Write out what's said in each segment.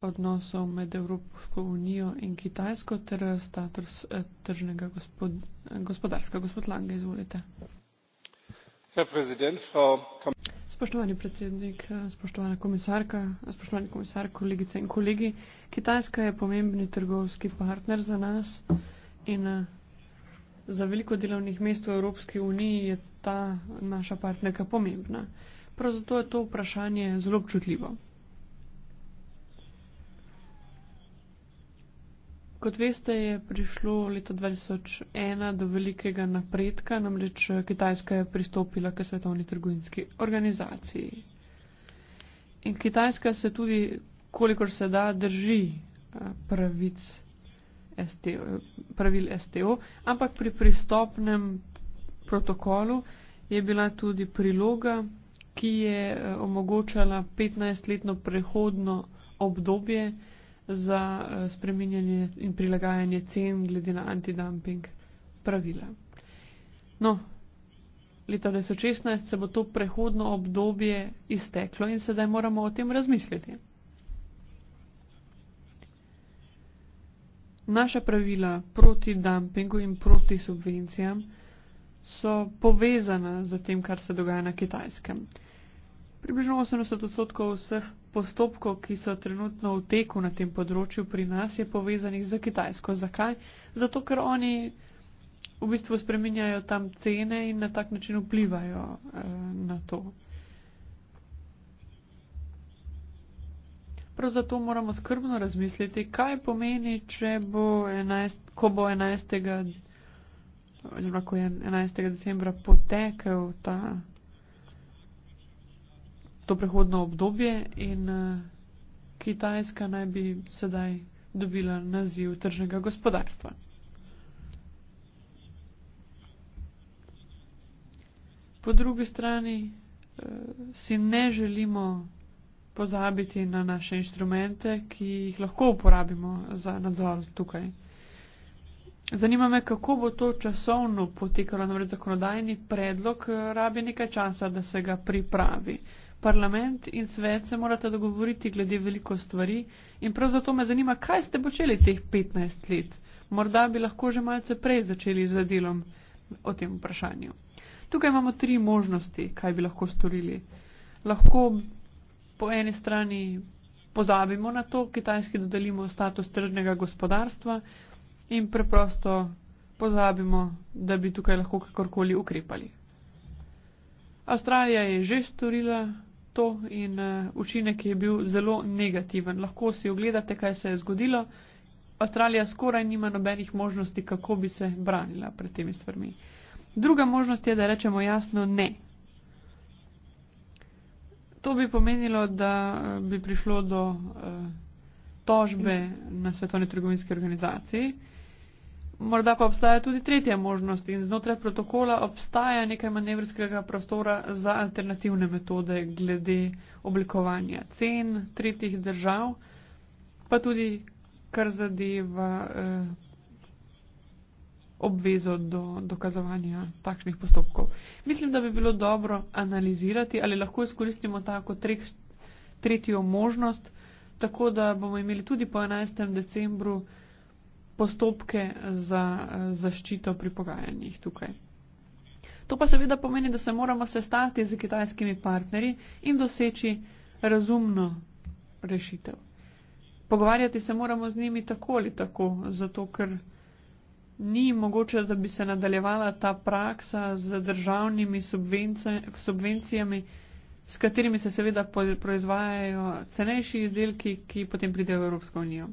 odnosov med Evropsko unijo in Kitajsko ter status eh, tržnega gospod, gospodarska. Gospod Lange, izvolite. Spoštovani predsednik, eh, spoštovana komisarka, eh, spoštovani komisar, kolegice in kolegi. Kitajska je pomembni trgovski partner za nas in za veliko delovnih mest v Evropski uniji je ta naša partnerka pomembna. Prav zato je to vprašanje zelo občutljivo. kot veste, je prišlo leta 2001 do velikega napredka, namreč eh, Kitajska je pristopila k svetovni trgovinski organizaciji. In Kitajska se tudi, kolikor se da, drži eh, pravic STO, eh, pravil STO, ampak pri pristopnem protokolu je bila tudi priloga, ki je omogočala 15-letno prehodno obdobje, za eh, spreminjanje in prilagajanje cen glede na antidumping pravila. No, leta 2016 se bo to prehodno obdobje izteklo in sedaj moramo o tem razmisliti. Naša pravila proti dumpingu in proti subvencijam so povezana z tem, kar se dogaja na kitajskem. Približno 80 odstotkov vseh postopkov, ki so trenutno v teku na tem področju pri nas, je povezanih za Kitajsko. Zakaj? Zato, ker oni v bistvu spreminjajo tam cene in na tak način vplivajo eh, na to. Prav zato moramo skrbno razmisliti, kaj pomeni, če bo 11, ko bo 11. Oziroma, ko je 11. decembra potekel ta to prehodno obdobje in uh, Kitajska naj bi sedaj dobila naziv tržnega gospodarstva. Po drugi strani uh, si ne želimo pozabiti na naše inštrumente, ki jih lahko uporabimo za nadzor tukaj. Zanima me, kako bo to časovno potekalo, namreč zakonodajni predlog eh, rabi nekaj časa, da se ga pripravi. Uh, Parlament in svet se morata dogovoriti glede veliko stvari in prav zato me zanima, kaj ste počeli teh 15 let. Morda bi lahko že malce prej začeli z delom o tem vprašanju. Tukaj imamo tri možnosti, kaj bi lahko storili. Lahko po eni strani pozabimo na to, kitajski dodelimo status tržnega gospodarstva in preprosto pozabimo, da bi tukaj lahko kakorkoli ukrepali. Avstralija je že storila to in uh, učinek je bil zelo negativen. Lahko si ogledate, kaj se je zgodilo. Avstralija skoraj nima nobenih možnosti, kako bi se branila pred temi stvarmi. Druga možnost je, da rečemo jasno ne. To bi pomenilo, da eh, bi prišlo do uh, tožbe na svetovni trgovinski organizaciji. Uh, Morda pa obstaja tudi tretja možnost in znotraj protokola obstaja nekaj manevrskega prostora za alternativne metode glede oblikovanja cen tretjih držav, pa tudi kar zadeva eh, obvezo do dokazovanja takšnih postopkov. Mislim, da bi bilo dobro analizirati, ali lahko izkoristimo tako treh, tretjo možnost, tako da bomo imeli tudi po 11. decembru postopke za eh, zaščito pri pogajanjih tukaj. To pa seveda pomeni, da se moramo sestati z kitajskimi partnerji in doseči razumno rešitev. Pogovarjati se moramo z njimi tako ali tako, zato ker ni mogoče, da bi se nadaljevala ta praksa z državnimi subvencijami, s katerimi se seveda proizvajajo cenejši izdelki, ki potem pridejo v Evropsko unijo.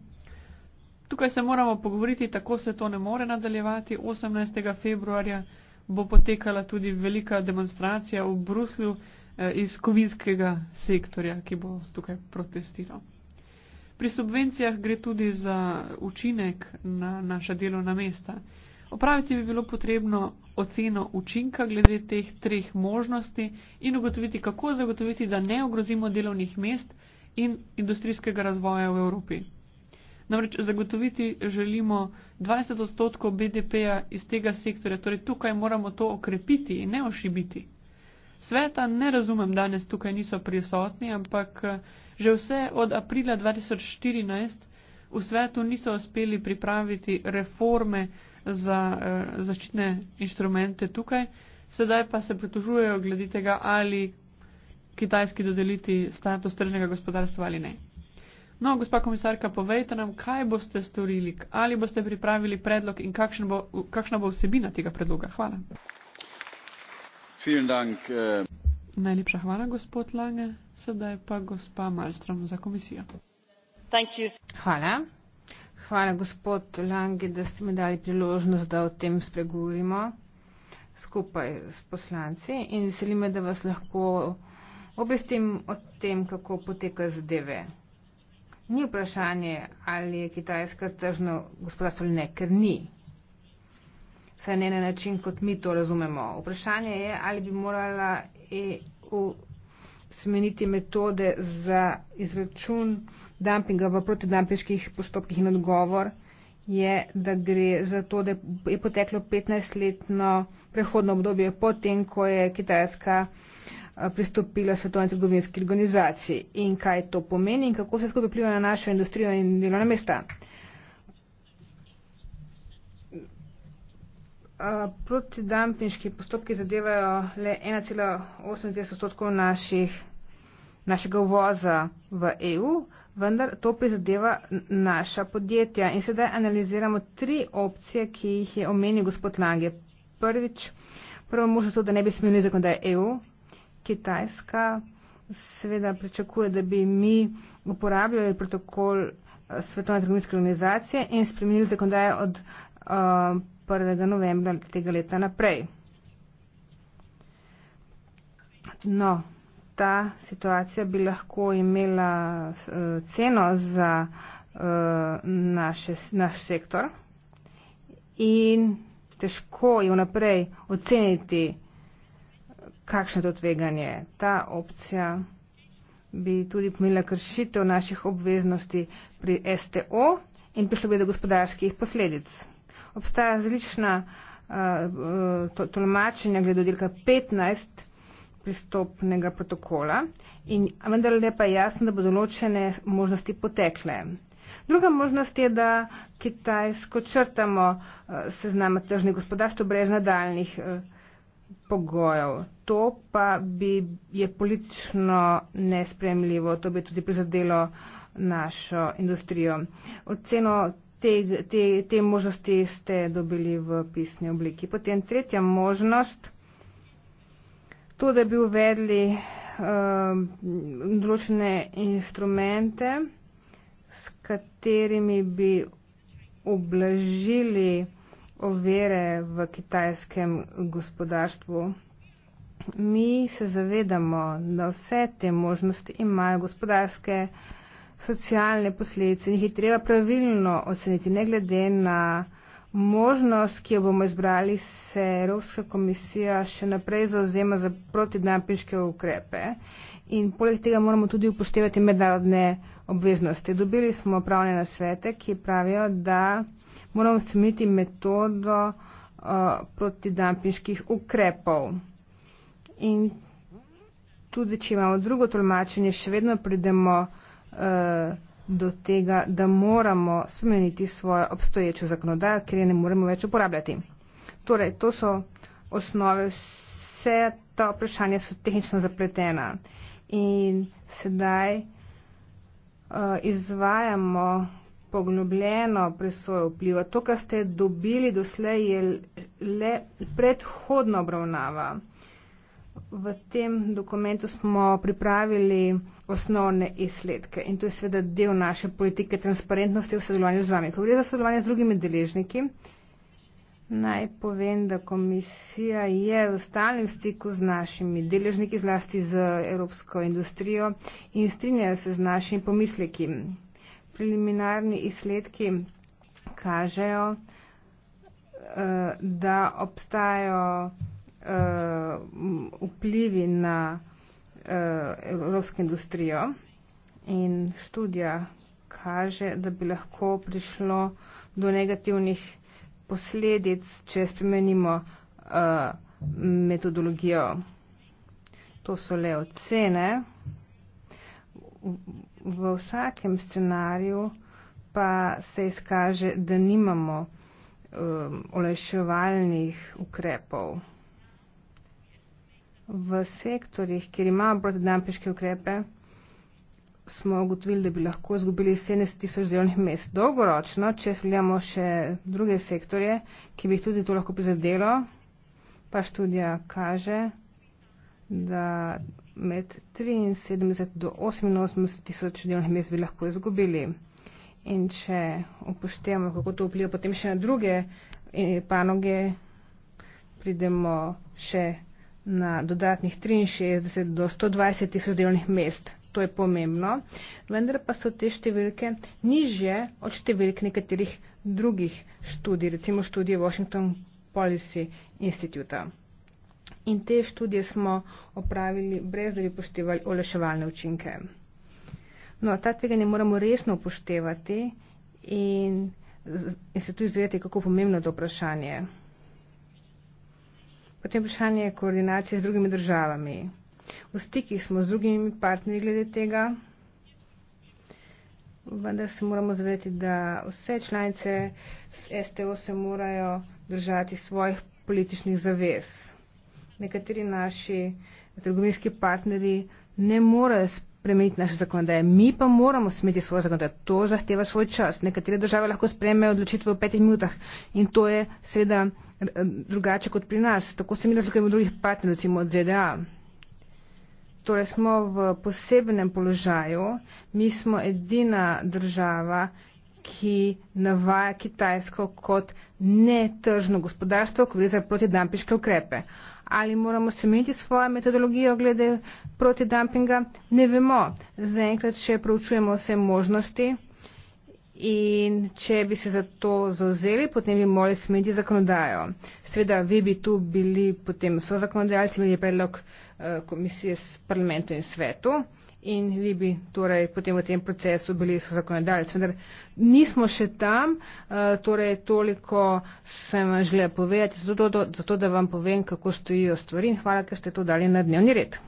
Tukaj se moramo pogovoriti, tako se to ne more nadaljevati. 18. februarja bo potekala tudi velika demonstracija v Bruslju eh, iz kovinskega sektorja, ki bo tukaj protestiral. Pri subvencijah gre tudi za učinek na naša delovna mesta. Opraviti bi bilo potrebno oceno učinka glede teh treh možnosti in ugotoviti, kako zagotoviti, da ne ogrozimo delovnih mest in industrijskega razvoja v Evropi. Namreč zagotoviti želimo 20 odstotkov BDP-ja iz tega sektorja, torej tukaj moramo to okrepiti in ne ošibiti. Sveta ne razumem danes tukaj niso prisotni, ampak že vse od aprila 2014 v svetu niso uspeli pripraviti reforme za eh, zaščitne inštrumente tukaj, sedaj pa se pritožujejo glede tega, ali Kitajski dodeliti status tržnega gospodarstva ali ne. No, gospa komisarka, povejte nam, kaj boste storili, ali boste pripravili predlog in bo, kakšna bo vsebina tega predloga. Hvala. Dank, eh. Najlepša hvala, gospod Lange. Sedaj pa gospa Malstrom za komisijo. Hvala. Hvala, gospod Lange, da ste mi dali priložnost, da o tem spregovorimo skupaj s poslanci in veselime, da vas lahko obvestim o tem, kako potekajo zadeve ni vprašanje, ali je Kitajska tržno gospodarstvo ali ne, ker ni. Saj ne na način, kot mi to razumemo. Vprašanje je, ali bi morala EU spremeniti metode za izračun dumpinga v protidampiških postopkih in odgovor je, da gre za to, da je poteklo 15-letno prehodno obdobje potem, ko je Kitajska Eh, pristopila Svetovne trgovinske organizacije in kaj to pomeni in kako se skupaj pliva na našo industrijo in delovna mesta. Eh, protidampinški postopki zadevajo le 1,8 odstotkov naših, našega uvoza v EU, vendar to prizadeva naša podjetja. In sedaj analiziramo tri opcije, ki jih je omenil gospod Lange. Prvič, prvo možnost, da ne bi smeli zakonodaj EU, Kitajska seveda pričakuje, da bi mi uporabljali protokol eh, Svetovne trgovinske organizacije in spremenili zakonodajo od uh, eh, 1. novembra tega leta naprej. No, ta situacija bi lahko imela uh, ceno za uh, naše, naš sektor in težko je vnaprej oceniti kakšno je to tveganje. Ta opcija bi tudi pomenila kršitev naših obveznosti pri STO in prišlo bi do gospodarskih posledic. Obstaja različna uh, tolmačenja glede oddelka 15 pristopnega protokola, in vendar le pa je jasno, da bodo določene možnosti potekle. Druga možnost je, da Kitajsko črtamo uh, eh, seznama tržnih gospodarstv brez nadaljnih uh, pogojev. To pa bi je politično nespremljivo, to bi tudi prizadelo našo industrijo. Oceno te, te, te možnosti ste dobili v pisni obliki. Potem tretja možnost, to, da bi uvedli uh, določene instrumente, s katerimi bi oblažili ovire v kitajskem gospodarstvu. Mi se zavedamo, da vse te možnosti imajo gospodarske, socialne posledice in jih je treba pravilno oceniti, ne glede na možnost, ki jo bomo izbrali, se Evropska komisija še naprej zauzema za protidnapiške ukrepe in poleg tega moramo tudi upoštevati mednarodne obveznosti. Dobili smo pravne nasvete, ki pravijo, da moramo spremeniti metodo uh, eh, protidampinških ukrepov. In tudi, če imamo drugo tolmačenje, še vedno pridemo uh, do tega, da moramo spremeniti svojo obstoječo zakonodajo, ker je ne moremo več uporabljati. Torej, to so osnove, vse ta vprašanja so tehnično zapletena. In sedaj uh, izvajamo poglobljeno presojo vpliva. To, kar ste dobili doslej, je le predhodna obravnava. V tem dokumentu smo pripravili osnovne izsledke in to je seveda del naše politike transparentnosti v sodelovanju z vami. Ko gre za sodelovanje z drugimi deležniki, naj povem, da komisija je v stalnem stiku z našimi deležniki, zlasti z evropsko industrijo in strinjajo se z našimi pomisleki preliminarni izsledki kažejo, eh, da obstajajo eh, vplivi na eh, evropsko industrijo in študija kaže, da bi lahko prišlo do negativnih posledic, če spremenimo metodologijo. To so le ocene v vsakem scenariju pa se izkaže, da nimamo um, olajševalnih ukrepov. V sektorjih, kjer imamo protidampeške ukrepe, smo ugotovili, da bi lahko izgubili 70 tisoč delovnih mest. Dolgoročno, če spremljamo še druge sektorje, ki bi jih tudi to lahko prizadelo, pa študija kaže, da med 73 do 88 tisoč delovnih mest bi lahko izgubili. In če upoštevamo, kako to vpliva potem še na druge eh, panoge, pridemo še na dodatnih 63 do 120 tisoč delovnih mest. To je pomembno, vendar pa so te številke nižje od številk nekaterih drugih študij, recimo študije Washington Policy Institute. -a in te študije smo opravili brez, da bi upoštevali olaševalne učinke. No, ta tveganja moramo resno upoštevati in, in se tudi izvedeti, kako pomembno je to vprašanje. Potem vprašanje koordinacije z drugimi državami. V stikih smo z drugimi partnerji glede tega, vendar se moramo zavedati, da vse članice z STO se morajo držati svojih političnih zavez nekateri naši trgovinski partnerji ne morejo spremeniti naše zakonodaje. Mi pa moramo smeti svoje zakonodaje. To zahteva svoj čas. Nekatere države lahko spremejo odločitve v petih minutah in to je seveda drugače kot pri nas. Tako se mi razlikujemo od drugih partnerjev, recimo od ZDA. Torej smo v posebnem položaju. Mi smo edina država, ki navaja Kitajsko kot netržno gospodarstvo, ko gre za protidampiške ukrepe. Uh, ali moramo semeniti svojo metodologijo glede protidumpinga, ne vemo. Zaenkrat še preučujemo vse možnosti in če bi se za to zauzeli, potem bi morali smeti zakonodajo. Sveda, vi bi tu bili potem so zakonodajalci, imeli predlog eh, komisije s parlamentom in svetu in vi bi torej potem v tem procesu bili so zakonodajalci. Vendar nismo še tam, eh, torej toliko sem vam želela povedati, zato, do, zato da vam povem, kako stojijo stvari in hvala, ker ste to dali na dnevni red.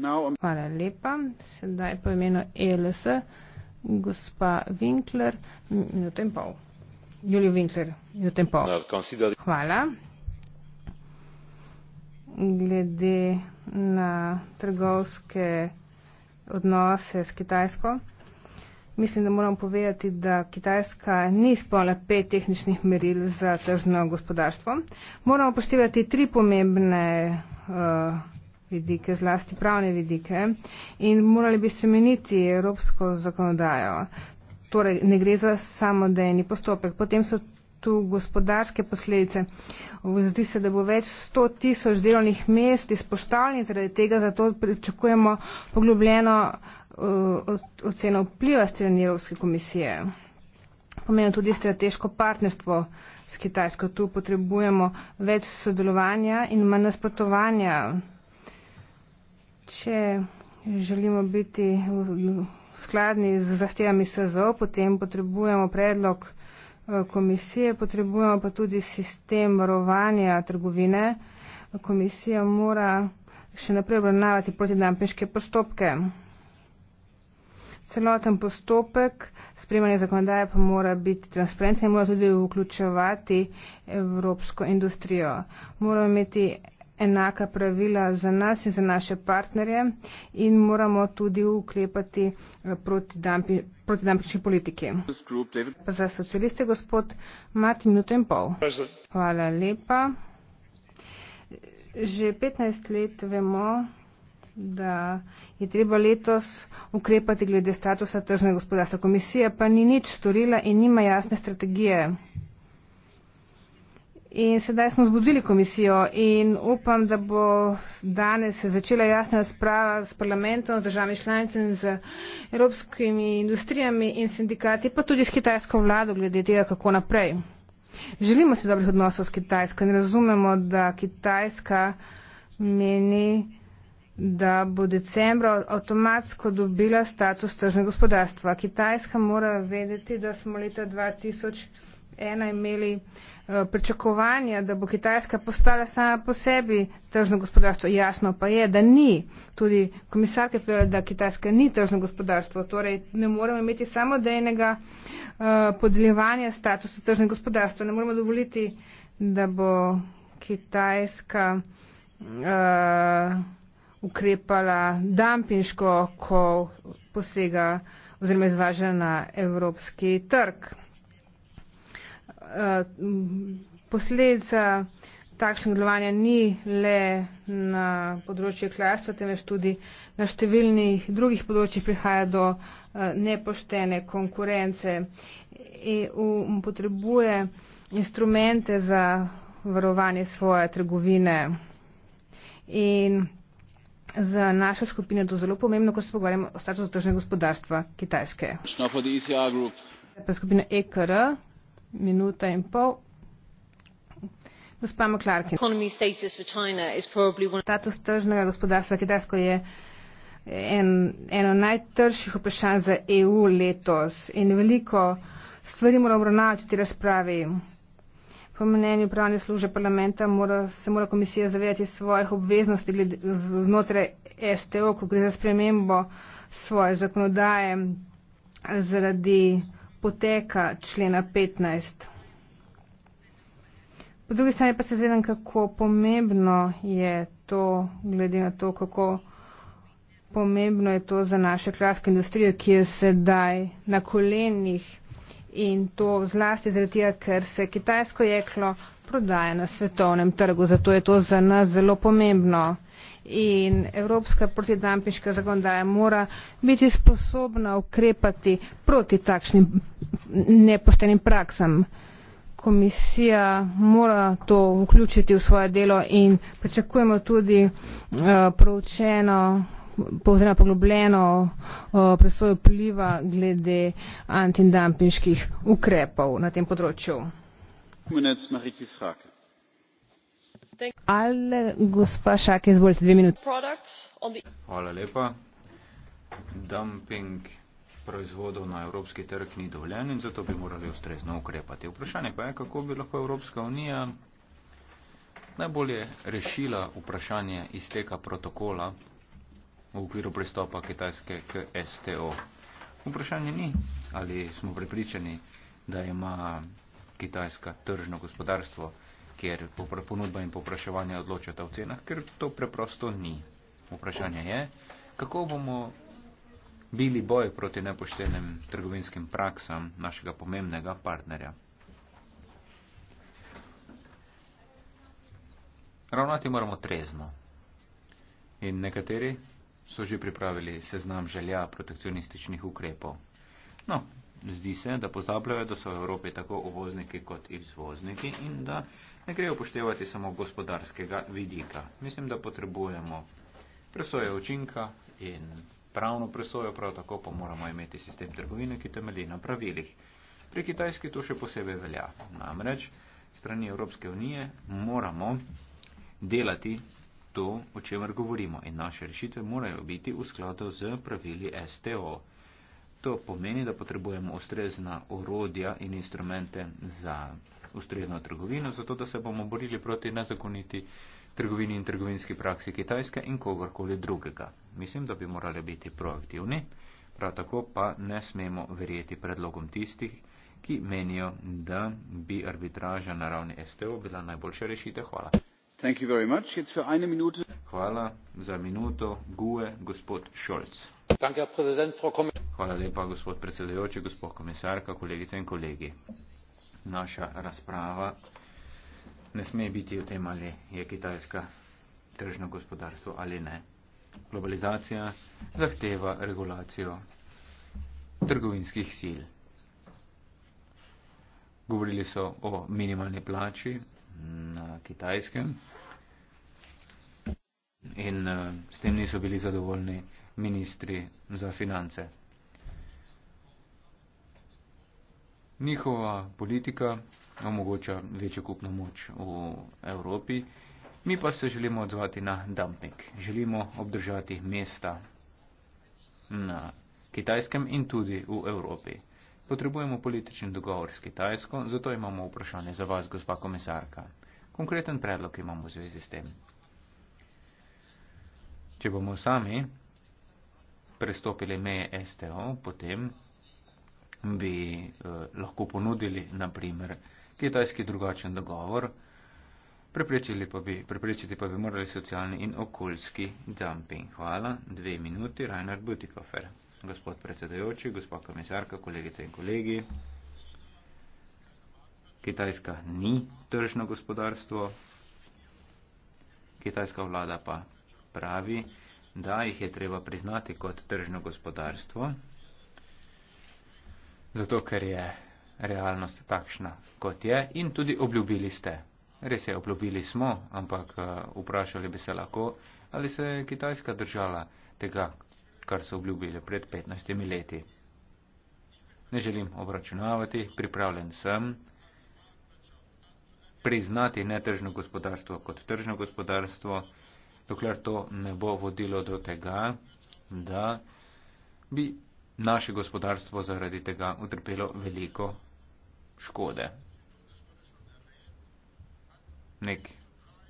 Hvala lepa. Sedaj po imenu ELS gospa Winkler, minuto in pol. Julio Winkler, minuto in pol. Hvala. Glede na trgovske odnose s Kitajsko. Mislim, da moram povedati, da Kitajska ni izpolnila pet tehničnih meril za tržno gospodarstvo. Moramo poštevati tri pomembne uh, vidike, zlasti pravne vidike in morali bi spremeniti evropsko zakonodajo. Torej, ne gre za samodejni postopek. Potem so tu gospodarske posledice. Zdi se, da bo več 100 tisoč delovnih mest izpostavljenih zaradi tega, zato pričakujemo poglobljeno uh, oceno vpliva strani Evropske komisije. Pomeni tudi strateško partnerstvo s Kitajsko. Tu potrebujemo več sodelovanja in manj nasprotovanja. Če želimo biti skladni z zahtevami SZO, potem potrebujemo predlog eh, komisije, potrebujemo pa tudi sistem varovanja trgovine. Komisija mora še naprej obravnavati protidampinške postopke. Celoten postopek spremanja zakonodaje pa mora biti transparenten in mora tudi vključevati evropsko industrijo. Moramo imeti enaka pravila za nas in za naše partnerje in moramo tudi ukrepati eh, proti, dampi, proti dampični politiki. Za socialiste, gospod, imate minuto in pol. Hvala lepa. Že 15 let vemo, da je treba letos ukrepati glede statusa tržne gospodarstva. Komisija pa ni nič storila in nima jasne strategije. In sedaj smo zbudili komisijo in upam, da bo danes začela jasna sprava s parlamentom, z državami članicami, z evropskimi industrijami in sindikati, pa tudi s kitajsko vlado glede tega, kako naprej. Želimo si dobrih odnosov s Kitajsko in razumemo, da Kitajska meni, da bo decembra avtomatsko dobila status tržne gospodarstva. Kitajska mora vedeti, da smo leta 2000 ena imeli eh, pričakovanja, da bo Kitajska postala sama po sebi tržno gospodarstvo. Jasno pa je, da ni. Tudi komisarka je povedala, da Kitajska ni tržno gospodarstvo. Torej ne moremo imeti samodejnega eh, podeljevanja statusa tržnega gospodarstva. Ne moremo dovoliti, da bo Kitajska uh, ukrepala dampinško, ko posega oziroma izvaža na evropski trg. Eh, posledica takšnega delovanja ni le na področju klarstva, temveč tudi na številnih drugih področjih prihaja do eh, nepoštene konkurence. EU potrebuje instrumente za varovanje svoje trgovine. In za našo skupino je to zelo pomembno, ko se pogovarjamo o statusu tržnega gospodarstva Kitajske. E pa skupina EKR, minuta in pol. Gospa McClarkin. Status tržnega gospodarstva Kitajsko je en, eno najtržjih vprašanj za EU letos in veliko stvari mora obravnavati v tej razpravi. Po mnenju pravne službe parlamenta mora, se mora komisija zavedati svojih obveznosti glede, znotraj STO, ko gre za spremembo svoje zakonodaje zaradi poteka člena 15. Po drugi strani pa se zvedam, kako pomembno je to, glede na to, kako pomembno je to za našo kraljsko industrijo, ki je sedaj na kolenih in to zlasti zaradi tega, ker se kitajsko jeklo prodaja na svetovnem trgu. Zato je to za nas zelo pomembno in evropska protidampiška zakonodaja mora biti sposobna ukrepati proti takšnim nepoštenim praksam. Komisija mora to vključiti v svoje delo in pričakujemo tudi uh, proučeno povzrema poglobljeno eh, presojo pliva glede antidampinških ukrepov na tem področju. Konec, Dumping proizvodov na evropski trg ni dovoljen in zato bi morali ustrezno ukrepati. Vprašanje pa je, kako bi lahko Evropska unija najbolje rešila vprašanje izteka protokola v okviru pristopa Kitajske k STO. Vprašanje ni, ali smo pripričani, da ima Kitajska tržno gospodarstvo kjer ponudba in popraševanje odločata v cenah, ker to preprosto ni. Vprašanje je, kako bomo bili boj proti nepoštenim trgovinskim praksam našega pomembnega partnerja. Ravnati moramo trezno. In nekateri so že pripravili seznam želja protekcionističnih ukrepov. No, zdi se, da pozabljajo, da so v Evropi tako uvozniki kot izvozniki in da ne gre upoštevati samo gospodarskega vidika. Mislim, da potrebujemo presoje učinka in pravno presojo, prav tako pa moramo imeti sistem trgovine, ki temelji na pravilih. Pri Kitajski to še posebej velja. Namreč, strani Evropske unije moramo delati to, o čemer govorimo. In naše rešitve morajo biti v skladu z pravili STO. To pomeni, da potrebujemo ustrezna orodja in instrumente za ustrezno trgovino, zato da se bomo borili proti nezakoniti trgovini in trgovinski praksi Kitajske in kogarkoli drugega. Mislim, da bi morali biti proaktivni, prav tako pa ne smemo verjeti predlogom tistih, ki menijo, da bi arbitraža na ravni STO bila najboljša rešitev. Hvala hvala za minuto gue gospod scholz hvala lepa gospod predsedujoči gospod komisarka kolegice in kolegi naša razprava ne sme biti o tem ali je kitajska tržno gospodarstvo ali ne globalizacija zahteva regulacijo trgovinskih sil govorili so o minimalni plači na kitajskem. In eh, s tem niso bili zadovoljni ministri za finance. Njihova politika omogoča večjo kupno moč v Evropi, mi pa se želimo odzvati na dumping. Želimo obdržati mesta na kitajskem in tudi v Evropi. Potrebujemo političen dogovor s Kitajsko, zato imamo vprašanje za vas, gospa komisarka. Konkreten predlog imamo v zvezi s tem. Če bomo sami prestopili meje STO, potem bi eh, lahko ponudili, naprimer, kitajski drugačen dogovor, preprečili pa bi, preprečiti pa bi morali socialni in okoljski dumping. Hvala. Dve minuti, Reinhard Butikofer gospod predsedajoči, gospod komisarka, kolegice in kolegi. Kitajska ni tržno gospodarstvo. Kitajska vlada pa pravi, da jih je treba priznati kot tržno gospodarstvo, zato ker je realnost takšna, kot je in tudi obljubili ste. Res je, obljubili smo, ampak uh, vprašali bi se lahko, ali se je Kitajska držala tega, kar so obljubili pred 15 leti. Ne želim obračunavati, pripravljen sem priznati netržno gospodarstvo kot tržno gospodarstvo, dokler to ne bo vodilo do tega, da bi naše gospodarstvo zaradi tega utrpelo veliko škode. Nek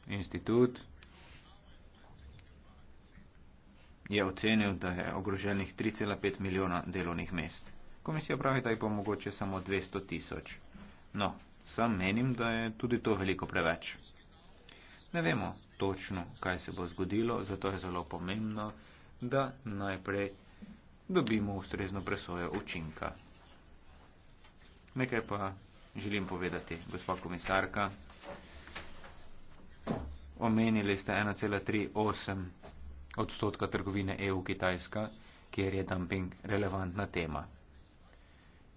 institut je ocenil, da je ogroženih 3,5 milijona delovnih mest. Komisija pravi, da je pa mogoče samo 200 tisoč. No, sam menim, da je tudi to veliko preveč. Ne vemo točno, kaj se bo zgodilo, zato je zelo pomembno, da najprej dobimo ustrezno presojo učinka. Nekaj pa želim povedati, gospa komisarka. Omenili ste 1,38 odstotka trgovine EU-Kitajska, kjer je dumping relevantna tema.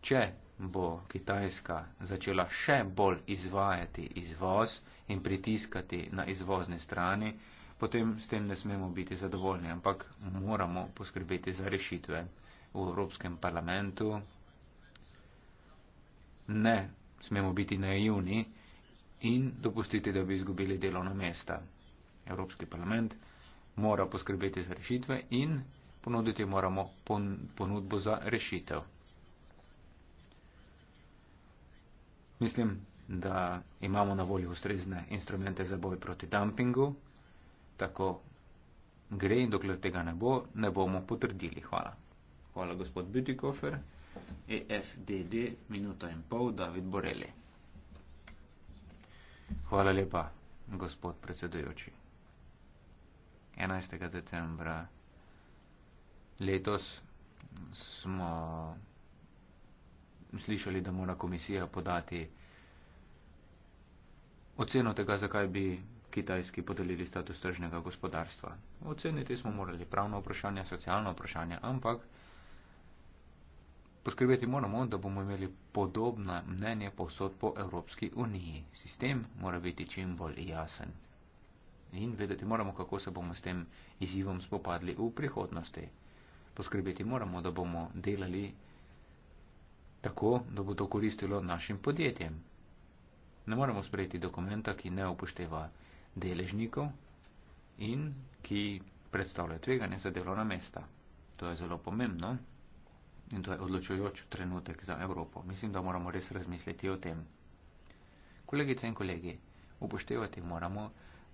Če bo Kitajska začela še bolj izvajati izvoz in pritiskati na izvozni strani, potem s tem ne smemo biti zadovoljni, ampak moramo poskrbeti za rešitve v Evropskem parlamentu. Ne smemo biti naivni in dopustiti, da bi izgubili delovna mesta. Evropski parlament mora poskrbeti za rešitve in ponuditi moramo pon, ponudbo za rešitev. Mislim, da imamo na voljo ustrezne instrumente za boj proti dumpingu, tako gre in dokler tega ne bo, ne bomo potrdili. Hvala. Hvala, gospod Bütikofer, EFDD, minuta in pol, David Boreli. Hvala lepa, gospod predsedujoči. 11. decembra. Letos smo slišali, da mora komisija podati oceno tega, zakaj bi Kitajski podelili status tržnega gospodarstva. Oceniti smo morali pravno vprašanje, socialno vprašanje, ampak poskrbeti moramo, da bomo imeli podobna mnenja povsod po Evropski uniji. Sistem mora biti čim bolj jasen in vedeti moramo, kako se bomo s tem izzivom spopadli v prihodnosti. Poskrbeti moramo, da bomo delali tako, da bo to koristilo našim podjetjem. Ne moremo sprejeti dokumenta, ki ne upošteva deležnikov in ki predstavlja tveganje za delovna mesta. To je zelo pomembno in to je odločujoč trenutek za Evropo. Mislim, da moramo res razmisliti o tem. Kolegice in kolegi, upoštevati moramo,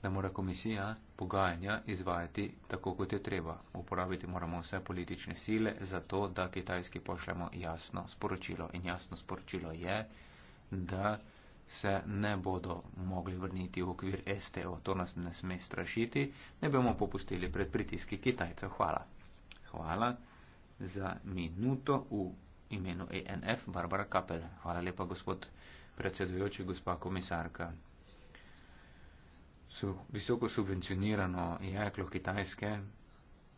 da mora komisija pogajanja izvajati tako, kot je treba. Uporabiti moramo vse politične sile za to, da kitajski pošljemo jasno sporočilo. In jasno sporočilo je, da se ne bodo mogli vrniti v okvir STO. To nas ne sme strašiti, ne bomo popustili pred pritiski Kitajcev. Hvala. Hvala za minuto v imenu ANF Barbara Kapel. Hvala lepa, gospod predsedujoči, gospa komisarka su, visoko subvencionirano jeklo Kitajske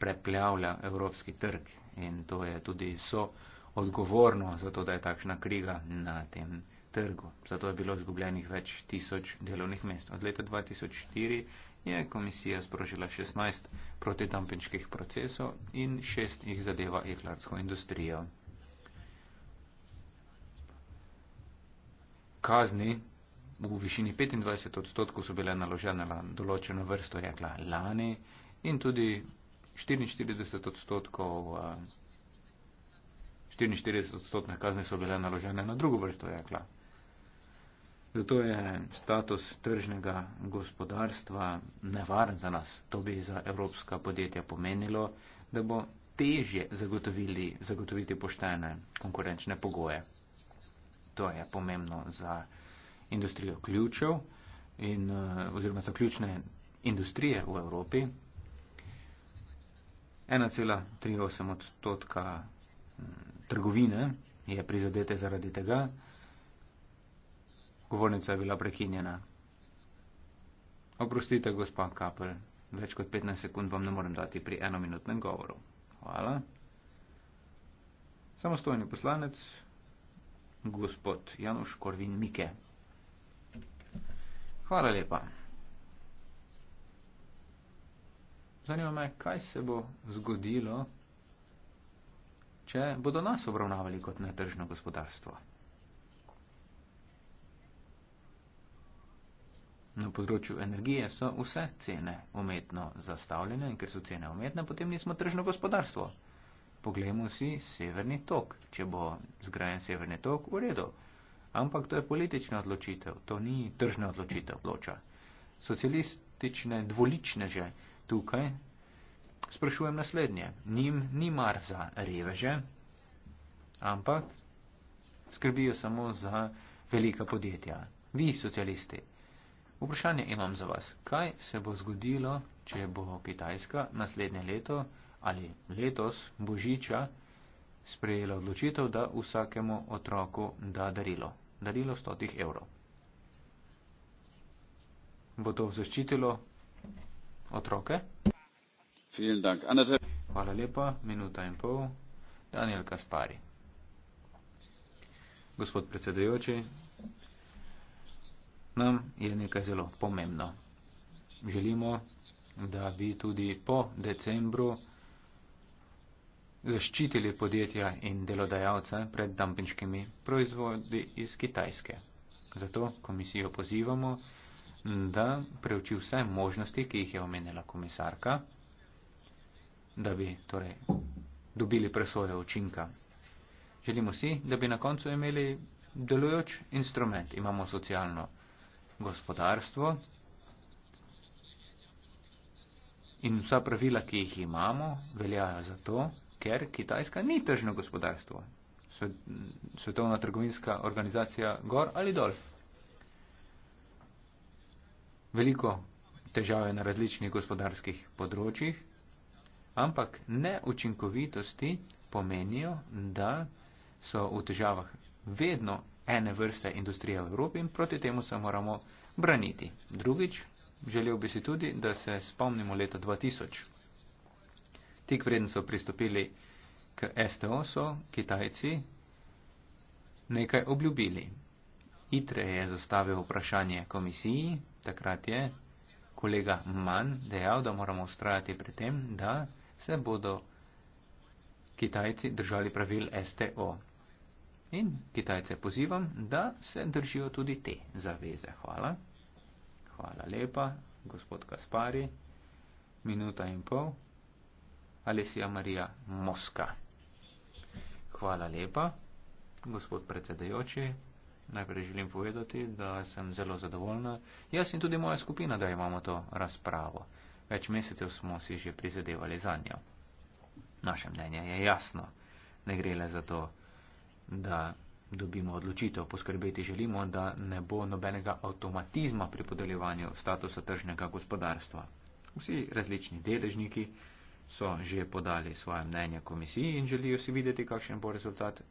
preplavlja evropski trg in to je tudi so odgovorno za to, da je takšna kriga na tem trgu. Zato je bilo izgubljenih več tisoč delovnih mest. Od leta 2004 je komisija sprožila 16 protidampinških procesov in šest jih zadeva jeklarsko industrijo. Kazni v višini 25 odstotkov so bile naložene na določeno vrsto jekla lani in tudi 44 odstotkov. 44 eh, odstotne kazne so bile naložene na drugo vrsto jekla. Zato je status tržnega gospodarstva nevaren za nas. To bi za evropska podjetja pomenilo, da bo težje zagotoviti poštene konkurenčne pogoje. To je pomembno za industrijo ključev in, eh, oziroma za ključne industrije v Evropi. 1,38 odstotka mm, trgovine je prizadete zaradi tega. Govornica je bila prekinjena. Oprostite, gospa Kapel, več kot 15 sekund vam ne morem dati pri enominutnem govoru. Hvala. Samostojni poslanec, gospod Januš Korvin Mike. Hvala lepa. Zanima me, kaj se bo zgodilo, če bodo nas obravnavali kot netržno gospodarstvo. Na področju energije so vse cene umetno zastavljene in ker so cene umetne, potem nismo tržno gospodarstvo. Poglejmo si severni tok. Če bo zgrajen severni tok, v redu ampak to je politična odločitev, to ni tržna odločitev, odloča. Socialistične dvoličneže tukaj sprašujem naslednje. Njim ni mar za reveže, ampak skrbijo samo za velika podjetja. Vi, socialisti, vprašanje imam za vas. Kaj se bo zgodilo, če bo Kitajska naslednje leto ali letos božiča sprejela odločitev, da vsakemu otroku da darilo? darilo stotih evrov. Bo to zaščitilo otroke? Hvala lepa, minuta in pol. Daniel Kaspari. Gospod predsedujoči, nam je nekaj zelo pomembno. Želimo, da bi tudi po decembru zaščitili podjetja in delodajalce pred dampinškimi proizvodi iz Kitajske. Zato komisijo pozivamo, da preuči vse možnosti, ki jih je omenila komisarka, da bi torej dobili presoje učinka. Želimo si, da bi na koncu imeli delujoč instrument. Imamo socialno gospodarstvo in vsa pravila, ki jih imamo, veljajo za to, ker Kitajska ni tržno gospodarstvo. Svetovna trgovinska organizacija gor ali dol. Veliko težave na različnih gospodarskih področjih, ampak neučinkovitosti pomenijo, da so v težavah vedno ene vrste industrija v Evropi in proti temu se moramo braniti. Drugič, želel bi si tudi, da se spomnimo leta 2000 tik preden so pristopili k STO, so Kitajci nekaj obljubili. ITRE je zastavil vprašanje komisiji, takrat je kolega Mann dejal, da moramo ustrajati pri tem, da se bodo Kitajci držali pravil STO. In Kitajce pozivam, da se držijo tudi te zaveze. Hvala. Hvala lepa, gospod Kaspari. Minuta in pol. Alesija Marija Moska. Hvala lepa, gospod predsedajoči. Najprej želim povedati, da sem zelo zadovoljna, jaz in tudi moja skupina, da imamo to razpravo. Več mesecev smo si že prizadevali za njo. Naše mnenje je jasno. Ne gre le za to, da dobimo odločitev. Poskrbeti želimo, da ne bo nobenega avtomatizma pri podeljevanju statusa tržnega gospodarstva. Vsi različni deležniki so že podali svoje mnenje komisiji in želijo si videti, kakšen bo rezultat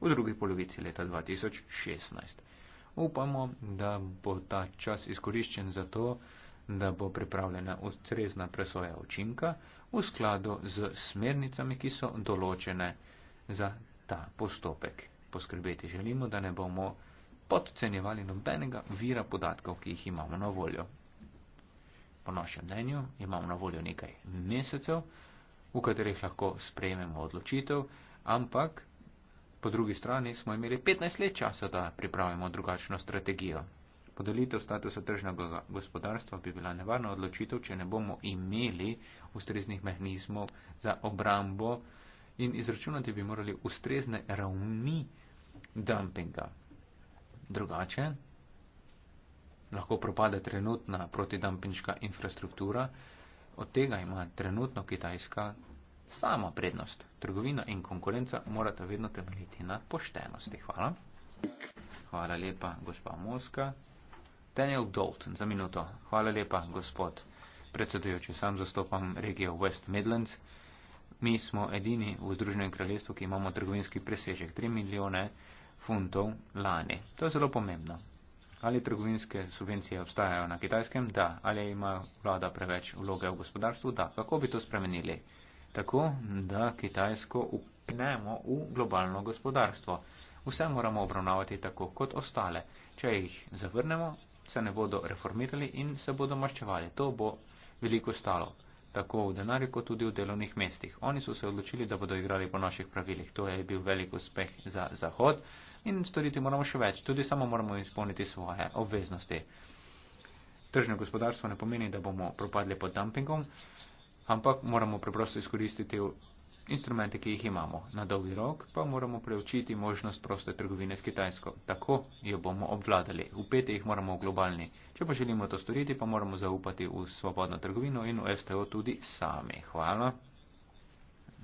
v drugi polovici leta 2016. Upamo, da bo ta čas izkoriščen za to, da bo pripravljena ustrezna presoja učinka v skladu z smernicami, ki so določene za ta postopek. Poskrbeti želimo, da ne bomo podcenjevali nobenega vira podatkov, ki jih imamo na voljo. Po našem mnenju imamo na voljo nekaj mesecev, v katerih lahko sprejmemo odločitev, ampak po drugi strani smo imeli 15 let časa, da pripravimo drugačno strategijo. Podelitev statusa tržnega gospodarstva bi bila nevarna odločitev, če ne bomo imeli ustreznih mehanizmov za obrambo in izračunati bi morali ustrezne ravni dumpinga. Drugače, lahko propade trenutna protidumpinška infrastruktura, Od tega ima trenutno Kitajska samo prednost. Trgovina in konkurenca morata vedno temeljiti na poštenosti. Hvala. Hvala lepa, gospa Moska. Daniel Dalton, za minuto. Hvala lepa, gospod predsedujoči. Sam zastopam regijo West Midlands. Mi smo edini v Združenem kraljestvu, ki imamo trgovinski presežek 3 milijone funtov lani. To je zelo pomembno. Ali trgovinske subvencije obstajajo na kitajskem? Da. Ali ima vlada preveč vloge v gospodarstvu? Da. Kako bi to spremenili? Tako, da kitajsko upnemo v globalno gospodarstvo. Vse moramo obravnavati tako kot ostale. Če jih zavrnemo, se ne bodo reformirali in se bodo maščevali. To bo veliko stalo. Tako v denarju, kot tudi v delovnih mestih. Oni so se odločili, da bodo igrali po naših pravilih. To je bil velik uspeh za Zahod in storiti moramo še več. Tudi samo moramo izpolniti svoje obveznosti. Tržno gospodarstvo ne pomeni, da bomo propadli pod dumpingom, ampak moramo preprosto izkoristiti instrumente, ki jih imamo. Na dolgi rok pa moramo preučiti možnost proste trgovine s Kitajsko. Tako jo bomo obvladali. Upeti jih moramo v globalni. Če pa želimo to storiti, pa moramo zaupati v svobodno trgovino in v STO tudi sami. Hvala.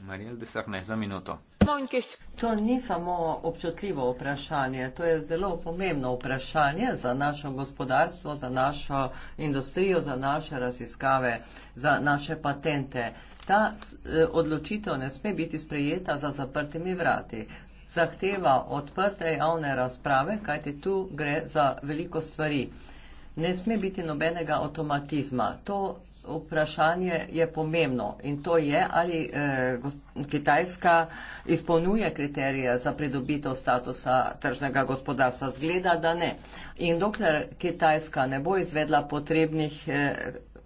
Marijel Desarne za minuto. No, ki... To ni samo občutljivo vprašanje, to je zelo pomembno vprašanje za naše gospodarstvo, za našo industrijo, za naše raziskave, za naše patente. Ta e, odločitev ne sme biti sprejeta za zaprtimi vrati. Zahteva odprte javne razprave, kajti tu gre za veliko stvari. Ne sme biti nobenega avtomatizma. To vprašanje je pomembno in to je, ali eh, Kitajska izpolnjuje kriterije za pridobitev statusa tržnega gospodarstva. Zgleda, da ne. In dokler Kitajska ne bo izvedla potrebnih. Eh,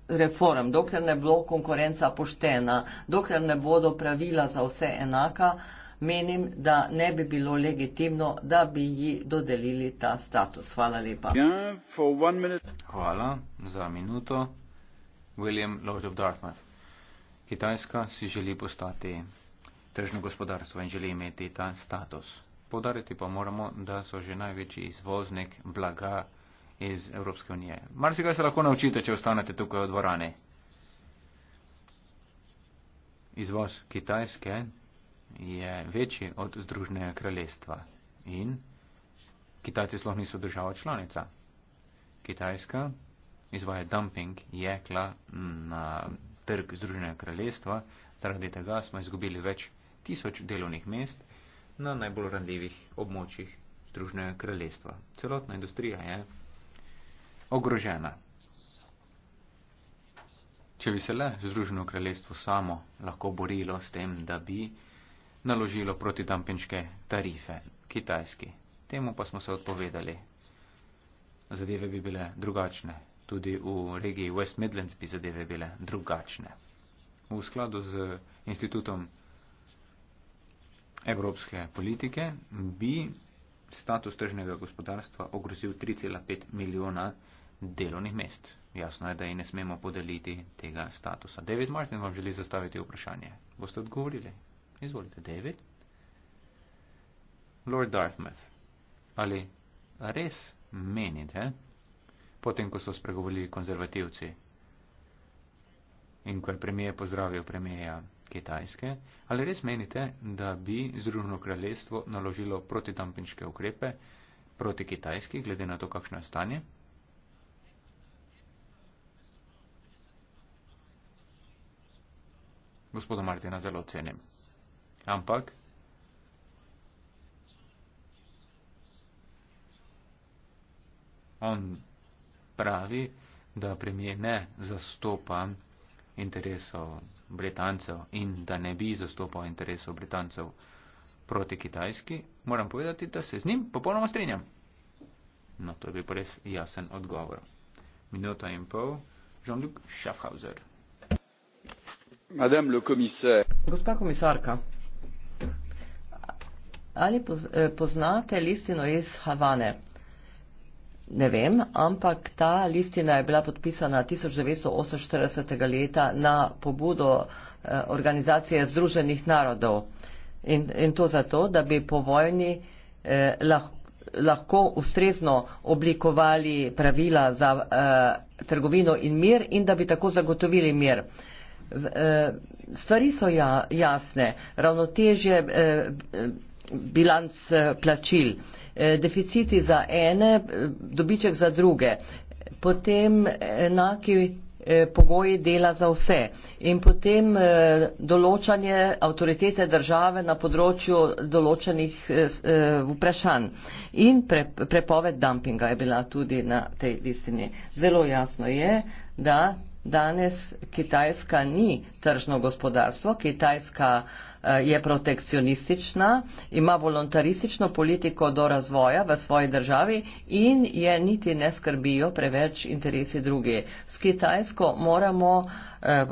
reform, dokler ne bo konkurenca poštena, dokler ne bodo pravila za vse enaka, menim, da ne bi bilo legitimno, da bi ji dodelili ta status. Hvala lepa. Ja, Hvala za minuto. William Lord of Dartmouth. Kitajska si želi postati tržno gospodarstvo in želi imeti ta status. Podariti pa moramo, da so že največji izvoznik blaga iz Evropske unije. Mar si kaj se lahko naučite, če ostanete tukaj v dvorani? Izvoz Kitajske je večji od Združenega kraljestva in Kitajci sploh niso država članica. Kitajska izvaja dumping jekla na trg Združenega kraljestva. Zaradi tega smo izgubili več tisoč delovnih mest na najbolj randljivih območjih Združenega kraljestva. Celotna industrija je ogrožena. Če bi se le Združeno kraljestvo samo lahko borilo s tem, da bi naložilo protidampinške tarife kitajski. Temu pa smo se odpovedali. Zadeve bi bile drugačne tudi v regiji West Midlands bi zadeve bile drugačne. V skladu z institutom evropske politike bi status tržnega gospodarstva ogrozil 3,5 milijona delovnih mest. Jasno je, da ji ne smemo podeliti tega statusa. David Martin vam želi zastaviti vprašanje. Boste odgovorili? Izvolite, David. Lord Dartmouth, ali res menite, potem ko so spregovorili konzervativci. In ko je premije pozdravil premijeja Kitajske, ali res menite, da bi Združeno kraljestvo naložilo protidampinške ukrepe proti Kitajski, glede na to, kakšno je stanje? Gospoda Martina zelo cenim. Ampak. On pravi, da premije ne zastopa interesov Britancev in da ne bi zastopal interesov Britancev proti Kitajski, moram povedati, da se z njim popolnoma strinjam. No, to je bil res jasen odgovor. Minuta in pol, Jean-Luc Schaffhauser. Madame le commissaire. Gospa komisarka, ali poz, eh, poznate listino iz Havane? ne vem, ampak ta listina je bila podpisana 1948. leta na pobudo eh, organizacije Združenih narodov. In, in to zato, da bi po vojni eh, lahko, lahko ustrezno oblikovali pravila za eh, trgovino in mir in da bi tako zagotovili mir. Eh, stvari so ja, jasne, ravnotežje. Eh, bilanc eh, plačil, eh, deficiti za ene, eh, dobiček za druge, potem enaki pogoji dela za vse in potem določanje avtoritete države na področju določenih vprašanj. In prepoved dumpinga je bila tudi na tej listini. Zelo jasno je, da danes Kitajska ni tržno gospodarstvo, Kitajska Eh, je protekcionistična, ima voluntaristično politiko do razvoja v svoji državi in je niti ne skrbijo preveč interesi druge. S Kitajsko moramo eh,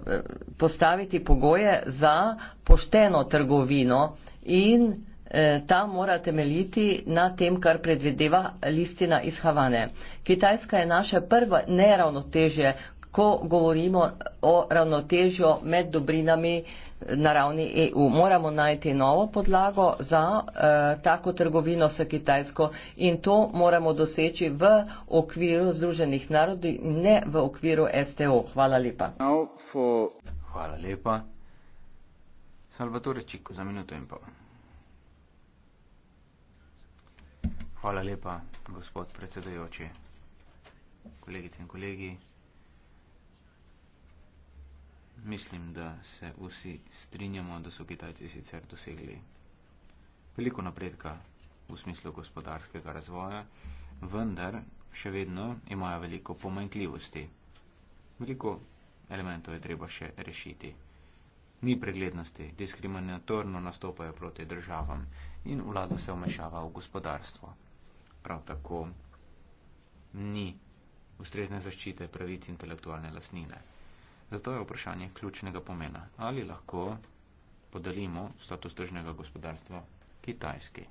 postaviti pogoje za pošteno trgovino in eh, ta mora temeljiti na tem, kar predvedeva listina iz Havane. Kitajska je naše prvo neravnotežje, ko govorimo o ravnotežju med dobrinami in na ravni EU. Moramo najti novo podlago za eh, tako trgovino s Kitajsko in to moramo doseči v okviru Združenih narodi, ne v okviru STO. Hvala lepa. For... Hvala lepa. Salvatore Čiko, za minuto in pol. Hvala lepa, gospod predsedujoči, kolegice in kolegi. Mislim, da se vsi strinjamo, da so Kitajci sicer dosegli veliko napredka v smislu gospodarskega razvoja, vendar še vedno imajo veliko pomanjkljivosti. Veliko elementov je treba še rešiti. Ni preglednosti, diskriminatorno nastopajo proti državam in vlada se omešava v gospodarstvo. Prav tako ni ustrezne zaščite pravic intelektualne lasnine. Zato je vprašanje ključnega pomena, ali lahko podelimo status tržnega gospodarstva Kitajski.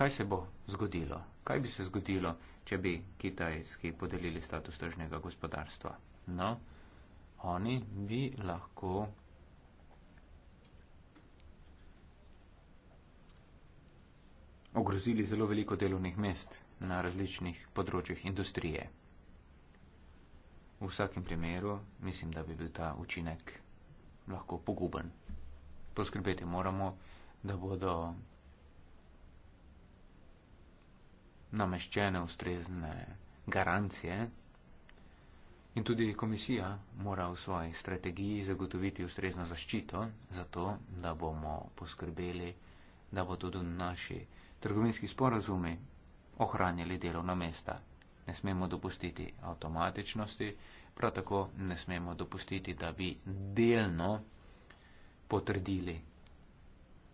Kaj se bo zgodilo? Kaj bi se zgodilo, če bi Kitajski podelili status tržnega gospodarstva? No, oni bi lahko ogrozili zelo veliko delovnih mest na različnih področjih industrije. V vsakem primeru mislim, da bi bil ta učinek lahko poguben. Poskrbeti moramo, da bodo nameščene ustrezne garancije in tudi komisija mora v svoji strategiji zagotoviti ustrezno zaščito, zato da bomo poskrbeli, da bodo tudi naši trgovinski sporazumi ohranili delovna mesta. Ne smemo dopustiti avtomatičnosti, prav tako ne smemo dopustiti, da bi delno potrdili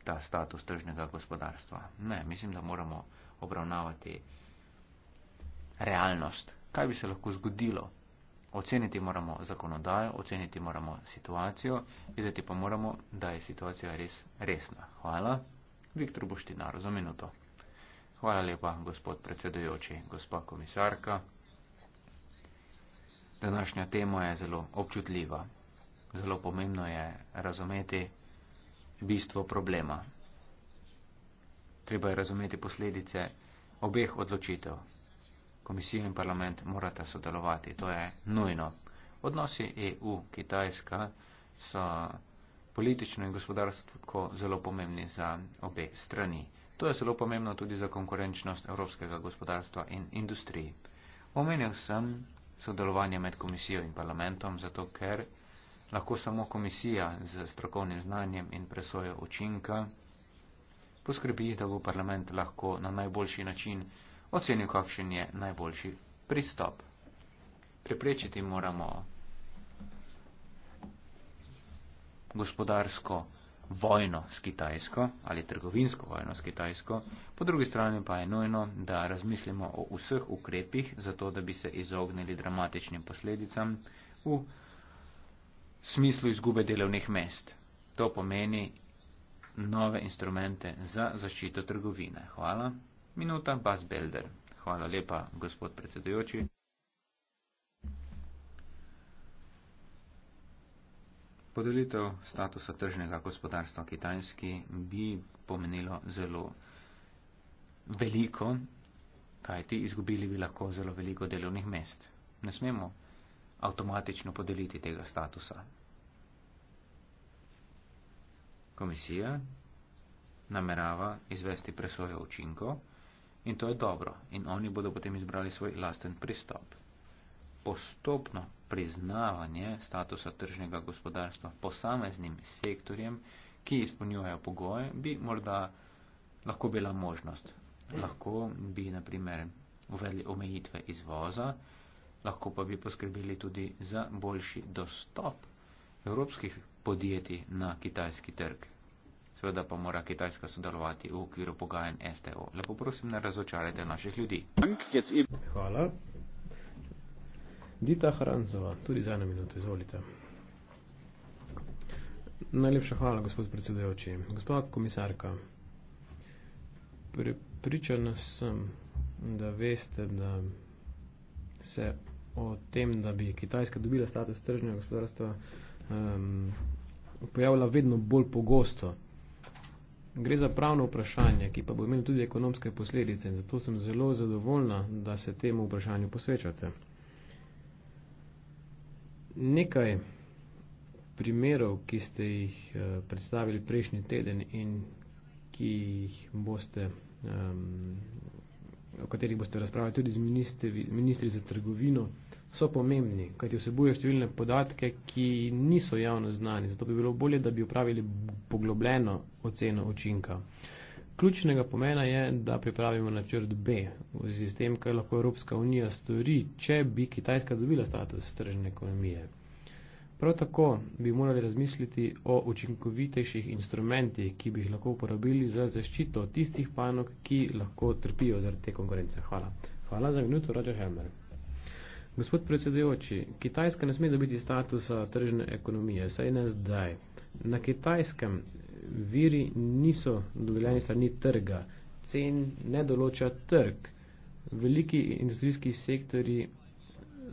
ta status tržnega gospodarstva. Ne, mislim, da moramo obravnavati realnost. Kaj bi se lahko zgodilo? Oceniti moramo zakonodajo, oceniti moramo situacijo, videti pa moramo, da je situacija res resna. Hvala. Viktor Boštinar, za minuto. Hvala lepa, gospod predsedujoči, gospa komisarka. Današnja tema je zelo občutljiva. Zelo pomembno je razumeti bistvo problema. Treba je razumeti posledice obeh odločitev. Komisija in parlament morata sodelovati, to je nujno. Odnosi EU-Kitajska so politično in gospodarsko zelo pomembni za obe strani. To je zelo pomembno tudi za konkurenčnost evropskega gospodarstva in industriji. Omenil sem sodelovanje med komisijo in parlamentom, zato ker lahko samo komisija z strokovnim znanjem in presojo učinka poskrbi, da bo parlament lahko na najboljši način ocenil, kakšen je najboljši pristop. Preprečiti moramo gospodarsko vojno s Kitajsko ali trgovinsko vojno s Kitajsko, po drugi strani pa je nujno, da razmislimo o vseh ukrepih za to, da bi se izognili dramatičnim posledicam v smislu izgube delovnih mest. To pomeni nove instrumente za zaščito trgovine. Hvala. Minuta Bas Belder. Hvala lepa, gospod predsedujoči. Podelitev statusa tržnega gospodarstva Kitajski bi pomenilo zelo veliko, kajti izgubili bi lahko zelo veliko delovnih mest. Ne smemo avtomatično podeliti tega statusa. Komisija namerava izvesti presojo učinkov in to je dobro in oni bodo potem izbrali svoj lasten pristop. Postopno priznavanje statusa tržnega gospodarstva posameznim sektorjem, ki izpolnjujejo pogoje, bi morda lahko bila možnost. Lahko bi, na primer, uvedli omejitve izvoza, lahko pa bi poskrbeli tudi za boljši dostop evropskih podjetij na kitajski trg. Seveda pa mora Kitajska sodelovati v okviru pogajanj STO. Lepo prosim, ne razočarajte naših ljudi. Hvala. Dita Haranzova, tudi za eno minuto, izvolite. Najlepša hvala, gospod predsedajoči. Gospod komisarka, pripričan sem, da veste, da se o tem, da bi Kitajska dobila status tržnega gospodarstva, um, pojavila vedno bolj pogosto. Gre za pravno vprašanje, ki pa bo imelo tudi ekonomske posledice in zato sem zelo zadovoljna, da se temu vprašanju posvečate nekaj primerov, ki ste jih eh, predstavili prejšnji teden in ki jih boste, um, o katerih boste razpravljali tudi z ministri, ministri za trgovino, so pomembni, kajti vsebuje številne podatke, ki niso javno znani. Zato bi bilo bolje, da bi upravili poglobljeno oceno učinka. Uh, Ključnega pomena je, da pripravimo načrt B, oziroma s tem, kaj lahko Evropska unija stori, če bi Kitajska dobila status tržne ekonomije. Prav tako bi morali razmisliti o učinkovitejših instrumentih, ki bi jih lahko uporabili za zaščito tistih panog, ki lahko trpijo zaradi te konkurence. Hvala. Hvala za minuto, Roger Helmer. Gospod predsedujoči, Kitajska ne sme dobiti statusa tržne ekonomije, saj ne zdaj. Na Kitajskem viri niso dodeljeni strani trga. Cen ne določa trg. Veliki industrijski sektori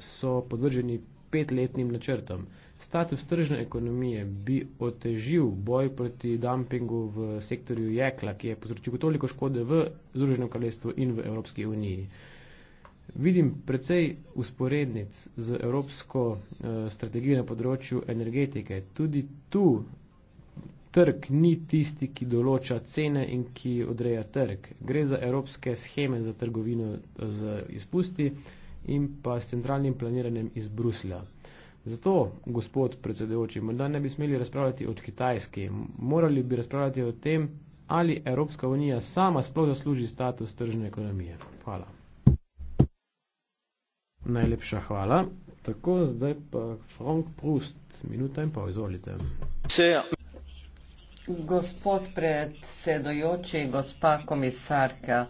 so podvrženi petletnim načrtom. Status tržne ekonomije bi otežil boj proti dumpingu v sektorju jekla, ki je potročil toliko škode v Združenem kraljestvu in v Evropski uniji. Vidim precej usporednic z evropsko uh, strategijo na področju energetike. Tudi tu trg ni tisti, ki določa cene in ki odreja trg. Gre za evropske scheme za trgovino z izpusti in pa s centralnim planiranjem iz Bruslja. Zato, gospod predsedujoči, morda ne bi smeli razpravljati od Kitajske, morali bi razpravljati o tem, ali Evropska unija sama sploh zasluži status tržne ekonomije. Hvala. Najlepša hvala. Tako, zdaj pa Frank Prust, minuta in pa izvolite. Sejo. Gospod predsedojoči, gospa komisarka,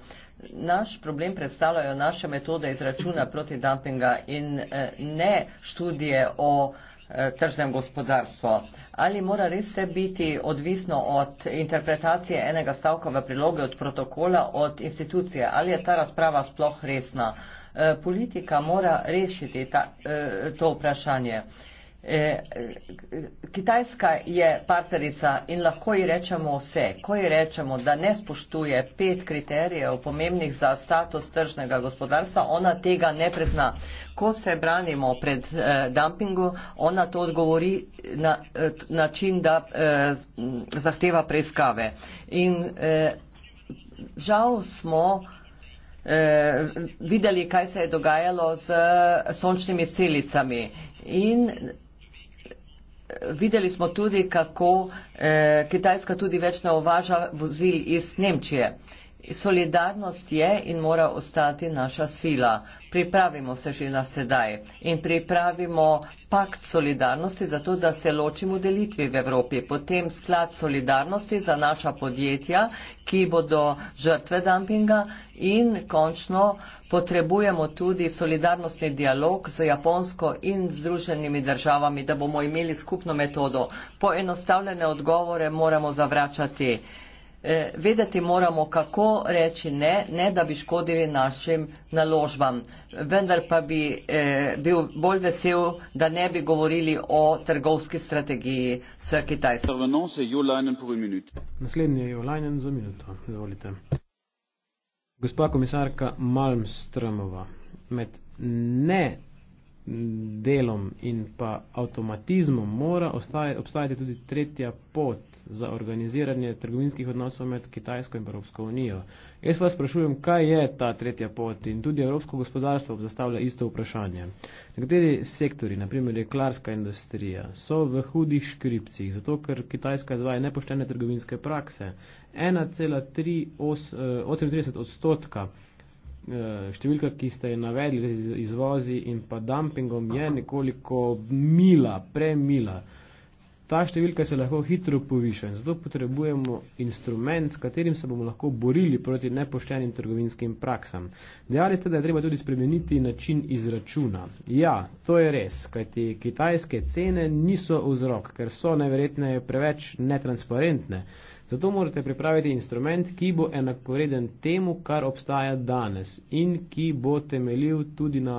naš problem predstavljajo naše metode izračuna proti dumpinga in eh, ne študije o eh, tržnem gospodarstvu. Ali mora res vse biti odvisno od interpretacije enega stavka v prilogi, od protokola, od institucije? Ali je ta razprava sploh resna? Eh, politika mora rešiti ta, to vprašanje. E, Kitajska je partnerica in lahko ji rečemo vse. Ko ji rečemo, da ne spoštuje pet kriterijev pomembnih za status tržnega gospodarstva, ona tega ne prezna. Ko se branimo pred eh, dumpingu, ona to odgovori na eh, način, da eh, zahteva preiskave. In eh, žal smo. Eh, videli, kaj se je dogajalo z sončnimi celicami. In Videli smo tudi, kako eh, Kitajska tudi več ne uvaža vozil iz Nemčije. Solidarnost je in mora ostati naša sila. Pripravimo se že na sedaj in pripravimo pakt solidarnosti za to, da se ločimo delitvi v Evropi. Potem sklad solidarnosti za naša podjetja, ki bodo žrtve dumpinga in končno potrebujemo tudi solidarnostni dialog z Japonsko in združenimi državami, da bomo imeli skupno metodo. Poenostavljene odgovore moramo zavračati. E, vedeti moramo, kako reči ne, ne da bi škodili našim naložbam. Vendar pa bi e, bil bolj vesel, da ne bi govorili o trgovski strategiji s Kitajsko. Naslednji je Julajnen za minuto. Izvolite. Gospa komisarka Malmstromova, med ne delom in pa avtomatizmom mora obstajati tudi tretja pot za organiziranje trgovinskih odnosov med Kitajsko in Evropsko unijo. Jaz vas sprašujem, kaj je ta tretja pot in tudi evropsko gospodarstvo zastavlja isto vprašanje. Nekateri sektori, naprimer jeklarska industrija, so v hudih škripcih, zato ker Kitajska izvaja nepoštene trgovinske prakse. 1,38 eh, odstotka Eh, številka, ki ste jo navedli z izvozi in pa dumpingom, je nekoliko mila, premila. Ta številka se lahko hitro poviša in zato potrebujemo instrument, s katerim se bomo lahko borili proti nepoštenim trgovinskim praksam. Dejali ste, da je treba tudi spremeniti način izračuna. Ja, to je res, kajti kitajske cene niso vzrok, ker so najverjetneje preveč netransparentne. Zato morate pripraviti instrument, ki bo enakoreden temu, kar obstaja danes in ki bo temeljil tudi na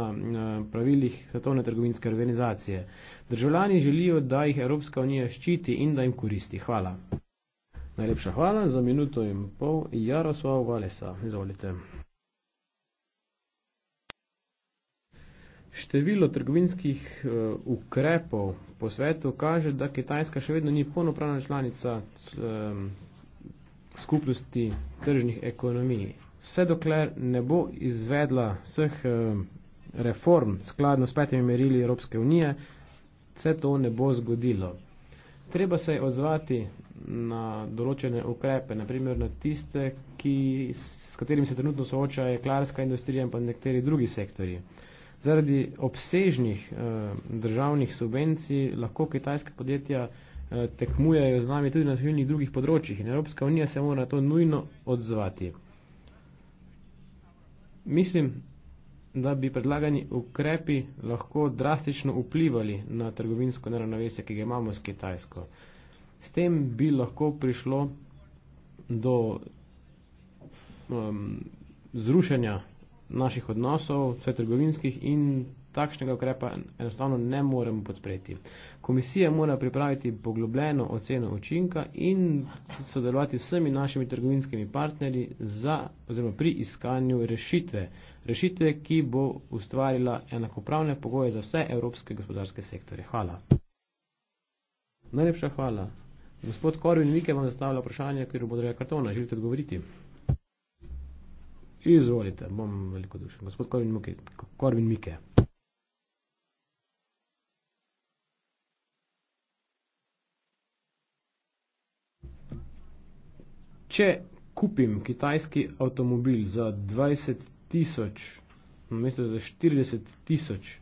pravilih Svetovne trgovinske organizacije. Državljani želijo, da jih Evropska unija ščiti in da jim koristi. Hvala. Najlepša hvala za minuto in pol. Jaroslav Valesa, izvolite. Število trgovinskih uh, ukrepov po svetu kaže, da Kitajska še vedno ni polnopravna članica um, skupnosti tržnih ekonomij. Vse dokler ne bo izvedla vseh um, reform skladno s petimi merili Evropske unije, vse to ne bo zgodilo. Treba se odzvati na določene ukrepe, naprimer na tiste, ki, s katerimi se trenutno sooča jeklarska industrija in pa nekateri drugi sektorji. Zaradi obsežnih eh, državnih subvencij lahko kitajska podjetja eh, tekmujejo z nami tudi na številnih drugih področjih in Evropska unija se mora na to nujno odzvati. Mislim, da bi predlagani ukrepi lahko drastično vplivali na trgovinsko neravnovesje, ki ga imamo s Kitajsko. S tem bi lahko prišlo do um, zrušenja naših odnosov, vse trgovinskih in takšnega ukrepa enostavno ne moremo podpreti. Komisija mora pripraviti poglobljeno oceno učinka in sodelovati vsemi našimi trgovinskimi partnerji za, oziroma pri iskanju rešitve. Rešitve, ki bo ustvarila enakopravne pogoje za vse evropske gospodarske sektore. Hvala. Najlepša hvala. Gospod Korvin Vike vam zastavlja vprašanje, ker bo dreja kartona. Želite odgovoriti? Izvolite, bom veliko dušen. Gospod Korvin, Muki, Korvin Mike. Če kupim kitajski avtomobil za 20 tisoč, namesto za 40 tisoč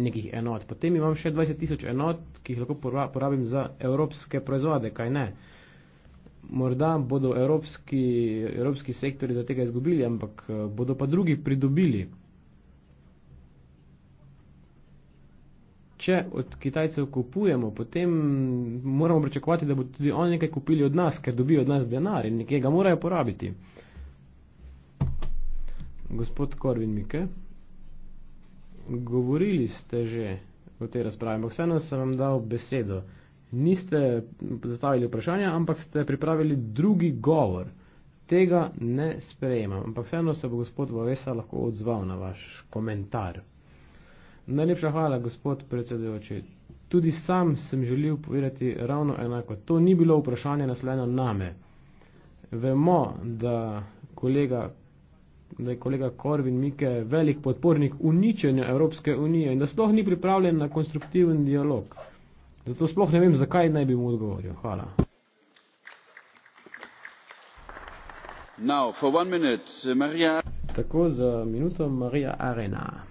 nekih enot, potem imam še 20 tisoč enot, ki jih lahko porabim za evropske proizvode, kaj ne? Uh, morda bodo evropski, evropski sektori za tega izgubili, ampak eh, bodo pa drugi pridobili. Če od Kitajcev kupujemo, potem moramo pričakovati, da bodo tudi oni nekaj kupili od nas, ker dobijo od nas denar in nekaj ga morajo porabiti. Gospod Korvin Mike, govorili ste že o tej razpravi, ampak vseeno sem vam dal besedo niste zastavili vprašanja, ampak ste pripravili drugi govor. Tega ne sprejemam, ampak vseeno se bo gospod Vavesa lahko odzval na vaš komentar. Najlepša hvala, gospod predsedujoči. Tudi sam sem želel povedati ravno enako. To ni bilo vprašanje naslojeno name. Vemo, da, kolega, da je kolega Korvin Mike velik podpornik uničenja Evropske unije in da sploh ni pripravljen na konstruktiven dialog. Zato sploh ne vem, zakaj naj bi mu odgovoril. Hvala. Now, minute, Maria... Tako za minuto Marija Arena.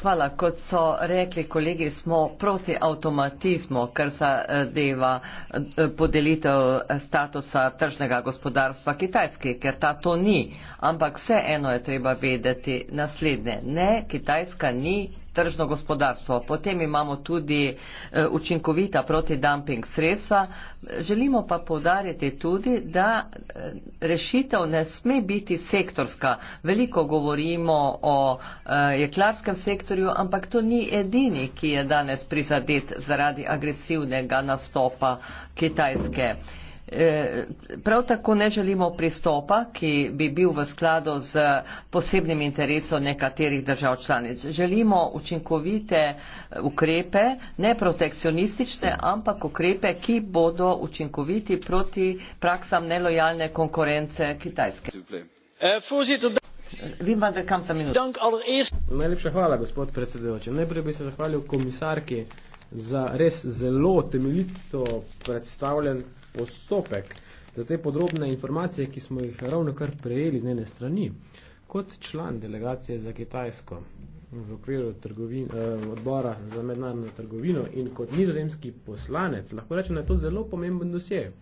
Hvala. Kot so rekli kolegi, smo proti avtomatizmu, kar zadeva eh, podelitev eh, statusa tržnega gospodarstva Kitajski, ker ta to ni. Ampak vseeno je treba vedeti naslednje. Ne, Kitajska ni tržno gospodarstvo. Potem imamo tudi eh, učinkovita protidumping sredstva. Želimo pa povdariti tudi, da eh, rešitev ne sme biti sektorska. Veliko govorimo o eh, jeklarskem sektorju, ampak to ni edini, ki je danes prizadet zaradi agresivnega nastopa Kitajske. Prav tako ne želimo pristopa, ki bi bil v skladu z posebnim interesom nekaterih držav članic. Želimo učinkovite eh, ukrepe, ne protekcionistične, ampak ukrepe, ki bodo učinkoviti proti praksam nelojalne konkurence Kitajske. Eh, Najlepša hvala, gospod predsedujoči. Najprej bi se zahvalil komisarki za res zelo temeljito predstavljen postopek za te podrobne informacije, ki smo jih ravno kar prejeli z njene strani, kot član delegacije za Kitajsko v okviru trgovin, eh, odbora za mednarodno trgovino in kot nizozemski poslanec, lahko rečem, da je to zelo pomemben dosje.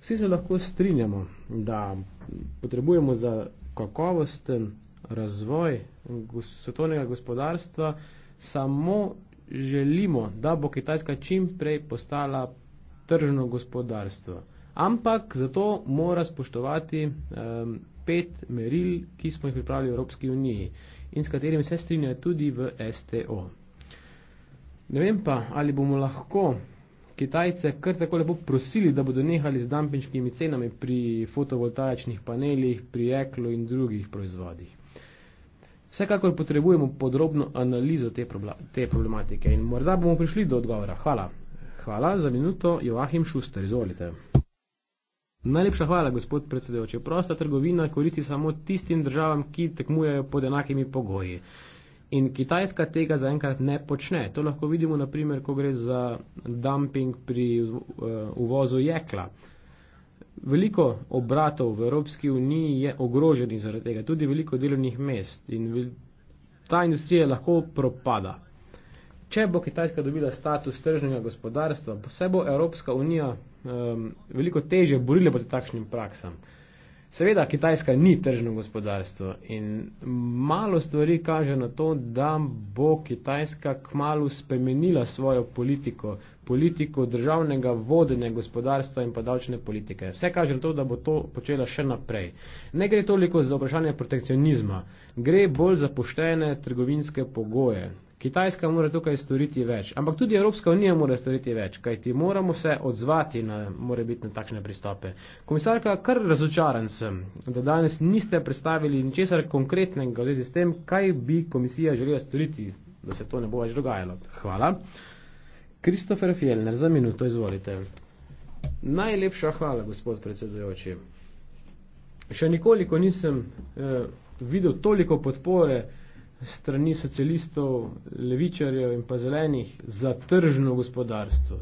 Vsi se lahko strinjamo, da potrebujemo za kakovosten razvoj svetovnega gospodarstva, samo želimo, da bo Kitajska čim prej postala tržno gospodarstvo. Ampak zato mora spoštovati um, pet meril, ki smo jih pripravili v Evropski uniji in s katerimi se strinja tudi v STO. Ne vem pa, ali bomo lahko Kitajce kar tako lepo prosili, da bodo nehali z dampinškimi cenami pri fotovoltaičnih panelih, pri eklo in drugih proizvodih. Vsekakor potrebujemo podrobno analizo te problematike in morda bomo prišli do odgovora. Hvala. Hvala za minuto, Joachim Šuster, izvolite. Najlepša hvala, gospod predsedujoči. Prosta trgovina koristi samo tistim državam, ki tekmujejo pod enakimi pogoji. In Kitajska tega zaenkrat ne počne. To lahko vidimo, naprimer, ko gre za dumping pri eh, uvozu jekla. Veliko obratov v Evropski uniji je ogroženih zaradi tega, tudi veliko delovnih mest. In ta industrija lahko propada. Če bo Kitajska dobila status tržnega gospodarstva, se bo Evropska unija um, veliko teže borila proti takšnim praksam. Seveda, Kitajska ni tržno gospodarstvo in malo stvari kaže na to, da bo Kitajska kmalo spremenila svojo politiko, politiko državnega vodenja gospodarstva in pa davčne politike. Vse kaže na to, da bo to počela še naprej. Ne gre toliko za vprašanje protekcionizma, gre bolj za poštene trgovinske pogoje. Kitajska mora tukaj storiti več, ampak tudi Evropska unija mora storiti več, kajti moramo se odzvati na more biti na takšne pristope. Komisarka, kar razočaran sem, da danes niste predstavili ničesar konkretnega v zvezi s tem, kaj bi komisija želela storiti, da se to ne bo več dogajalo. Hvala. Kristofer Fjellner, za minuto izvolite. Najlepša hvala, gospod predsedujoči. Še nikoliko nisem eh, videl toliko podpore, strani socialistov, levičarjev in pa zelenih za tržno gospodarstvo.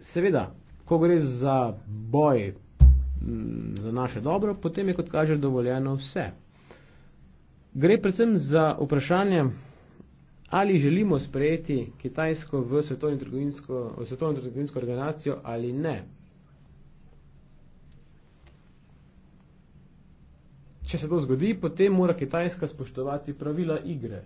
Seveda, ko gre za boj za naše dobro, potem je kot kaže dovoljeno vse. Gre predvsem za vprašanje, ali želimo sprejeti Kitajsko v svetovno trgovinsko, svetovno trgovinsko organizacijo ali ne. Če se to zgodi, potem mora Kitajska spoštovati pravila igre.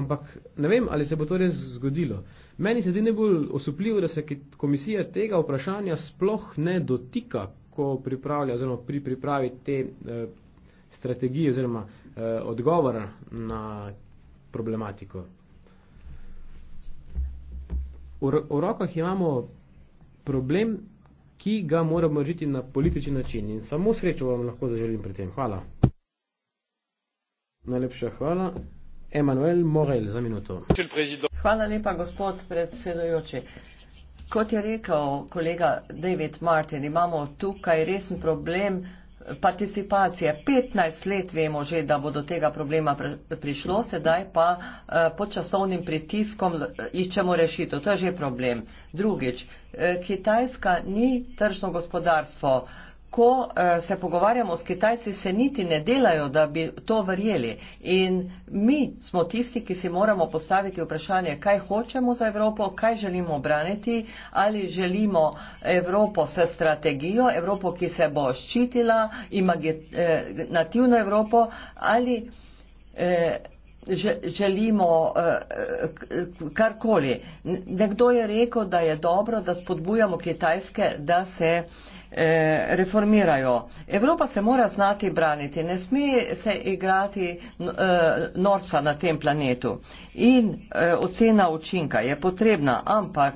Ampak ne vem, ali se bo to res zgodilo. Meni se zdi najbolj osupljivo, da se komisija tega vprašanja sploh ne dotika, ko pripravlja oziroma pri pripravi te eh, strategije oziroma eh, odgovora na problematiko. V, v rokah imamo problem ki ga moramo rešiti na političen način. In samo srečo vam lahko zaželim pri tem. Hvala. Najlepša hvala. Emanuel Morel za minuto. Hvala lepa, gospod predsedujoči. Kot je rekel kolega David Martin, imamo tukaj resen problem participacije. 15 let vemo že, da bo do tega problema prišlo, sedaj pa eh, pod časovnim pritiskom iščemo rešitev. To je že problem. Drugič, eh, Kitajska ni tržno gospodarstvo ko eh, se pogovarjamo s Kitajci, se niti ne delajo, da bi to verjeli. In mi smo tisti, ki si moramo postaviti vprašanje, kaj hočemo za Evropo, kaj želimo obraniti, ali želimo Evropo s strategijo, Evropo, ki se bo ščitila, imaginativno eh, Evropo, ali. Eh, želimo eh, karkoli. Nekdo je rekel, da je dobro, da spodbujamo kitajske, da se eh, Eh, reformirajo. Evropa se mora znati braniti, ne sme se igrati eh, norca na tem planetu. In eh, ocena učinka je potrebna, ampak,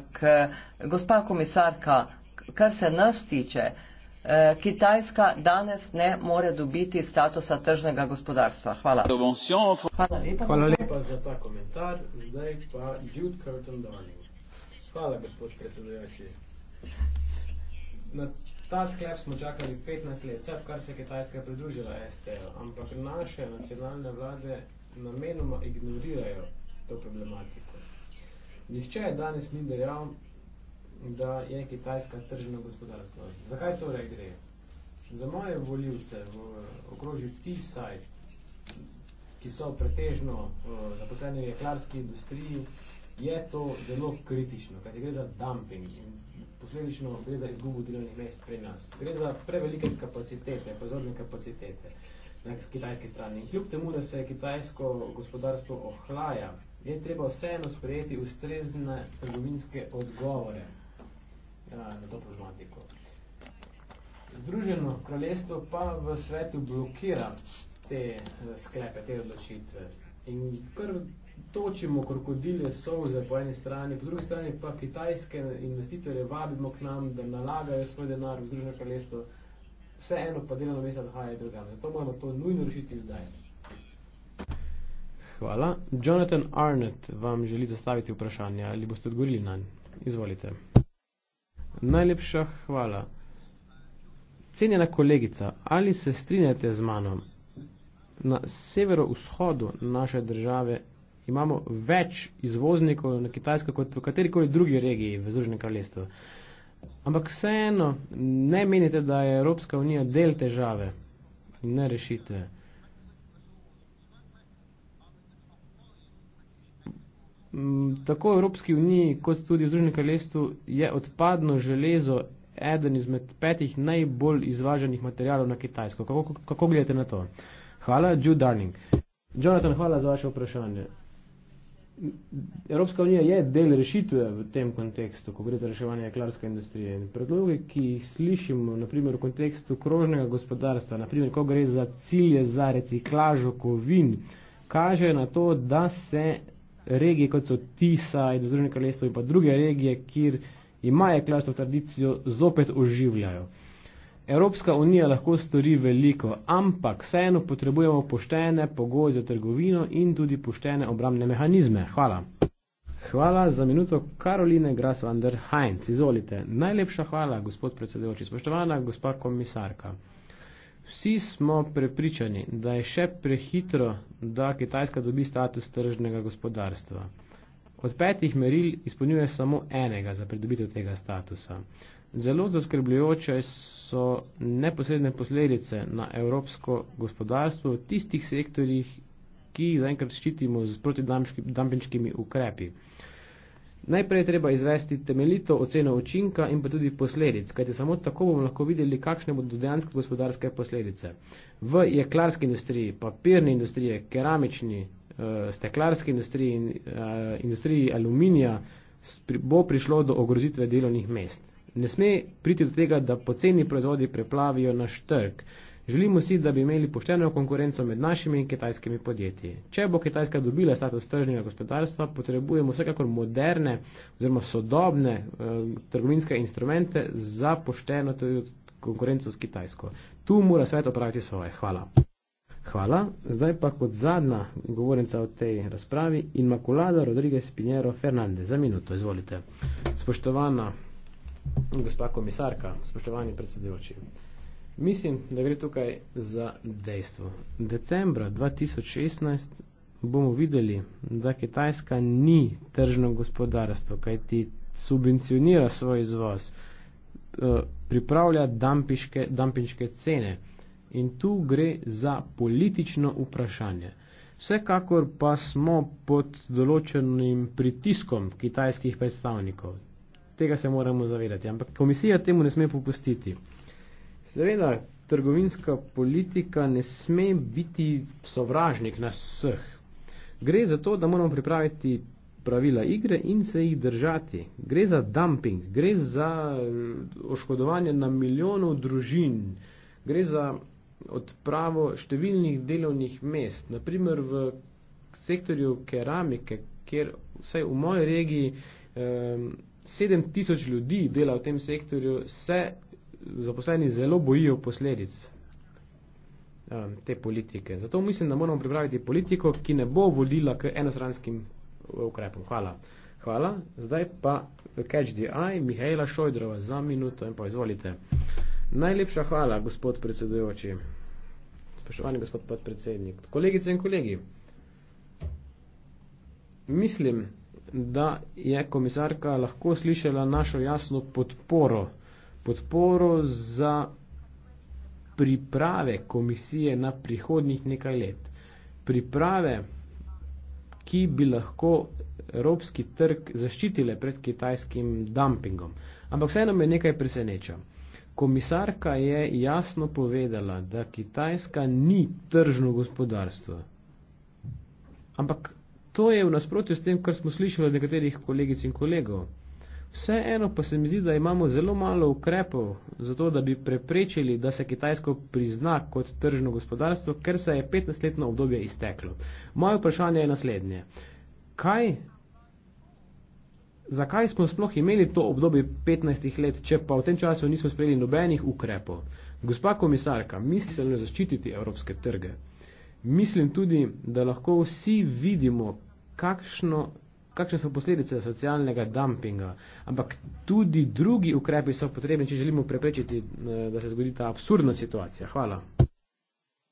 gospa komisarka, kar se nas tiče, Kitajska danes ne more dobiti statusa tržnega gospodarstva. Hvala. Hvala lepa, Hvala lepa za ta komentar. Zdaj pa Jude Curtin Darling. Hvala, gospod predsedujoči. Ta sklep smo čakali 15 let, vse, kar se je Kitajska pridružila STO, ampak naše nacionalne vlade namenoma ignorirajo to problematiko. Nihče danes ni dejal, da je Kitajska tržno gospodarstvo. Zakaj torej gre? Za moje voljivce v okrožju TISAJ, ki so pretežno eh, zaposleni v jeklarski industriji, je to zelo kritično, kaj gre za dumping posledično gre za izgubo delovnih mest pri nas. Gre za prevelike kapacitete, proizvodne kapacitete na kitajski strani. In kljub temu, da se kitajsko gospodarstvo ohlaja, je treba vseeno sprejeti ustrezne trgovinske odgovore ja, na to problematiko. Združeno kraljestvo pa v svetu blokira te eh, sklepe, te odločitve. In prvi točimo krokodile, solze po eni strani, po drugi strani pa kitajske investitorje vabimo k nam, da nalagajo svoj denar v Združeno kraljestvo, vseeno pa delovno mesto odhajajo drugam. Zato moramo to nujno rešiti zdaj. Hvala. Jonathan Arnett vam želi zastaviti vprašanje ali boste odgovorili na nj. Izvolite. Najlepša hvala. Cenjena kolegica, ali se strinjate z mano? Na severovzhodu naše države imamo več izvoznikov na Kitajsko kot v katerikoli drugi regiji v Združenem kraljestvu. Ampak vseeno, ne menite, da je Evropska unija del težave in ne rešitve. Mm, tako v Evropski uniji kot tudi v Združenem kraljestvu je odpadno železo eden izmed petih najbolj izvaženih materijalov na Kitajsko. Kako, kako gledate na to? Hvala, Jude Darning. Jonathan, hvala za vaše vprašanje. Evropska unija je del rešitve v tem kontekstu, ko gre za reševanje jeklarske industrije. Predloge, ki jih slišimo naprimer, v kontekstu krožnega gospodarstva, naprimer, ko gre za cilje za reciklažo kovin, kaže na to, da se regije, kot so Tisa, Edozorne kraljestvo in pa druge regije, kjer ima jeklarstvo tradicijo, zopet oživljajo. Evropska unija lahko stori veliko, ampak vseeno potrebujemo poštene pogoje za trgovino in tudi poštene obramne mehanizme. Hvala. Hvala za minuto Karoline Grasvander Heinz. Izvolite. Najlepša hvala, gospod predsedujoči. Spoštovana gospa komisarka. Vsi smo prepričani, da je še prehitro, da Kitajska dobi status tržnega gospodarstva od petih meril izpolnjuje samo enega za pridobitev tega statusa. Zelo zaskrbljujoče so neposredne posledice na evropsko gospodarstvo v tistih sektorjih, ki jih zaenkrat ščitimo z protidampinškimi ukrepi. Najprej treba izvesti temeljito oceno učinka in pa tudi posledic, kajte samo tako bomo lahko videli, kakšne bodo dejansko gospodarske posledice. V jeklarski industriji, papirni industriji, keramični, Eh, steklarski industriji in eh, industriji aluminija bo prišlo do ogrozitve delovnih mest. Ne sme priti do tega, da poceni proizvodi preplavijo naš trg. Želimo si, da bi imeli pošteno konkurenco med našimi in kitajskimi podjetji. Če bo Kitajska dobila status tržnega gospodarstva, potrebujemo vsekakor moderne oziroma sodobne eh, trgovinske instrumente za pošteno konkurenco s Kitajsko. Tu mora svet opraviti svoje. Hvala. Hvala. Zdaj pa kot zadnja govornica v tej razpravi, Inmakulada Rodriguez Pinero Fernandez. Za minuto, izvolite. Spoštovana gospa komisarka, spoštovani predsedujoči. Mislim, da gre tukaj za dejstvo. Decembra 2016 bomo videli, da Kitajska ni tržno gospodarstvo, kajti subvencionira svoj izvoz, eh, pripravlja dampiške, dampiške cene in tu gre za politično vprašanje. Vsekakor pa smo pod določenim pritiskom kitajskih predstavnikov. Tega se moramo zavedati, ampak komisija temu ne sme popustiti. Seveda, trgovinska politika ne sme biti sovražnik nas vseh. Gre za to, da moramo pripraviti pravila igre in se jih držati. Gre za dumping, gre za mm, oškodovanje na milijonov družin, gre za odpravo številnih delovnih mest, naprimer v sektorju keramike, kjer vsaj v moji regiji eh, 7000 ljudi dela v tem sektorju, se zaposleni zelo bojijo posledic eh, te politike. Zato mislim, da moramo pripraviti politiko, ki ne bo vodila k enostranskim eh, ukrepom. Hvala. Hvala. Zdaj pa Catch the Eye, Mihajla Šojdrova za minuto in pa izvolite. Najlepša hvala, gospod predsedujoči. Spoštovani gospod podpredsednik, kolegice in kolegi. Mislim, da je komisarka lahko slišala našo jasno podporo. Podporo za priprave komisije na prihodnjih nekaj let. Priprave, ki bi lahko evropski trg zaščitile pred kitajskim dumpingom. Ampak vseeno me nekaj preseneča. Komisarka je jasno povedala, da Kitajska ni tržno gospodarstvo. Ampak to je v nasprotju s tem, kar smo slišali od nekaterih kolegic in kolegov. Vseeno pa se mi zdi, da imamo zelo malo ukrepov za to, da bi preprečili, da se Kitajsko prizna kot tržno gospodarstvo, ker se je 15-letno obdobje izteklo. Moje vprašanje je naslednje. Kaj zakaj smo sploh imeli to obdobje 15 let, če pa v tem času nismo sprejeli nobenih ukrepov. Gospa komisarka, mislim zaščititi evropske trge. Mislim tudi, da lahko vsi vidimo, kakšno, kakšne so posledice socialnega dumpinga, ampak tudi drugi ukrepi so potrebni, če želimo preprečiti, eh, da se zgodi ta absurdna situacija. Hvala.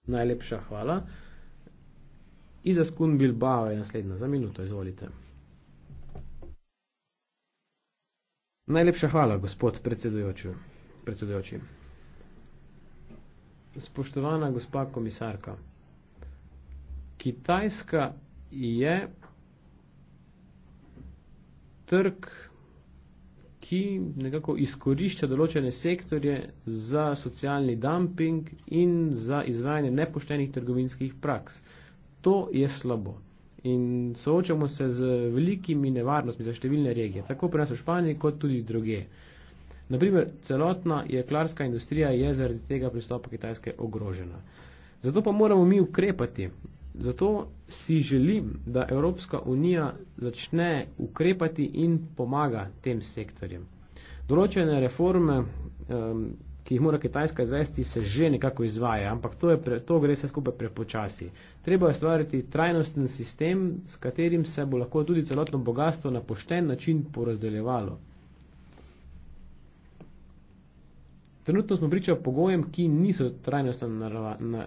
Najlepša hvala. Iza Skun Bilbao je naslednja. Za minuto izvolite. Najlepša hvala, gospod predsedujoči. Spoštovana gospa komisarka, Kitajska je trg, ki nekako izkorišča določene sektorje za socialni dumping in za izvajanje nepoštenih trgovinskih praks. To je slabo in soočamo se z velikimi nevarnostmi za številne regije, tako pri nas v Španiji, kot tudi druge. Naprimer, celotna jeklarska industrija je zaradi tega pristopa Kitajske ogrožena. Zato pa moramo mi ukrepati. Zato si želim, da Evropska unija začne ukrepati in pomaga tem sektorjem. Določene reforme. Um, ki jih mora Kitajska izvesti, se že nekako izvaja, ampak to, je, to gre vse skupaj prepočasi. Treba je stvariti trajnosten sistem, s katerim se bo lahko tudi celotno bogatstvo na pošten način porazdeljevalo. Trenutno smo pričali pogojem, ki niso trajnostno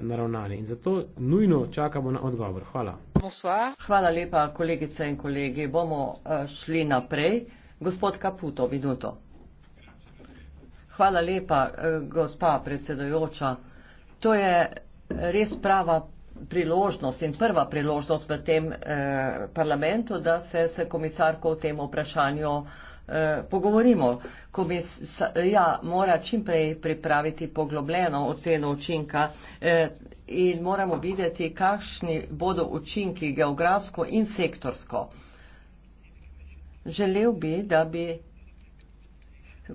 naravnani in zato nujno čakamo na odgovor. Hvala. Bonsoir. Hvala lepa, kolegice in kolegi. Bomo eh, šli naprej. Gospod Kaputo, minuto. Hvala lepa, eh, gospa predsedojoča. To je res prava priložnost in prva priložnost v tem eh, parlamentu, da se s komisarko o tem vprašanju eh, pogovorimo. Komisija mora čimprej pripraviti poglobljeno oceno učinka in moramo videti, kakšni bodo učinki geografsko in sektorsko. Želel bi, da bi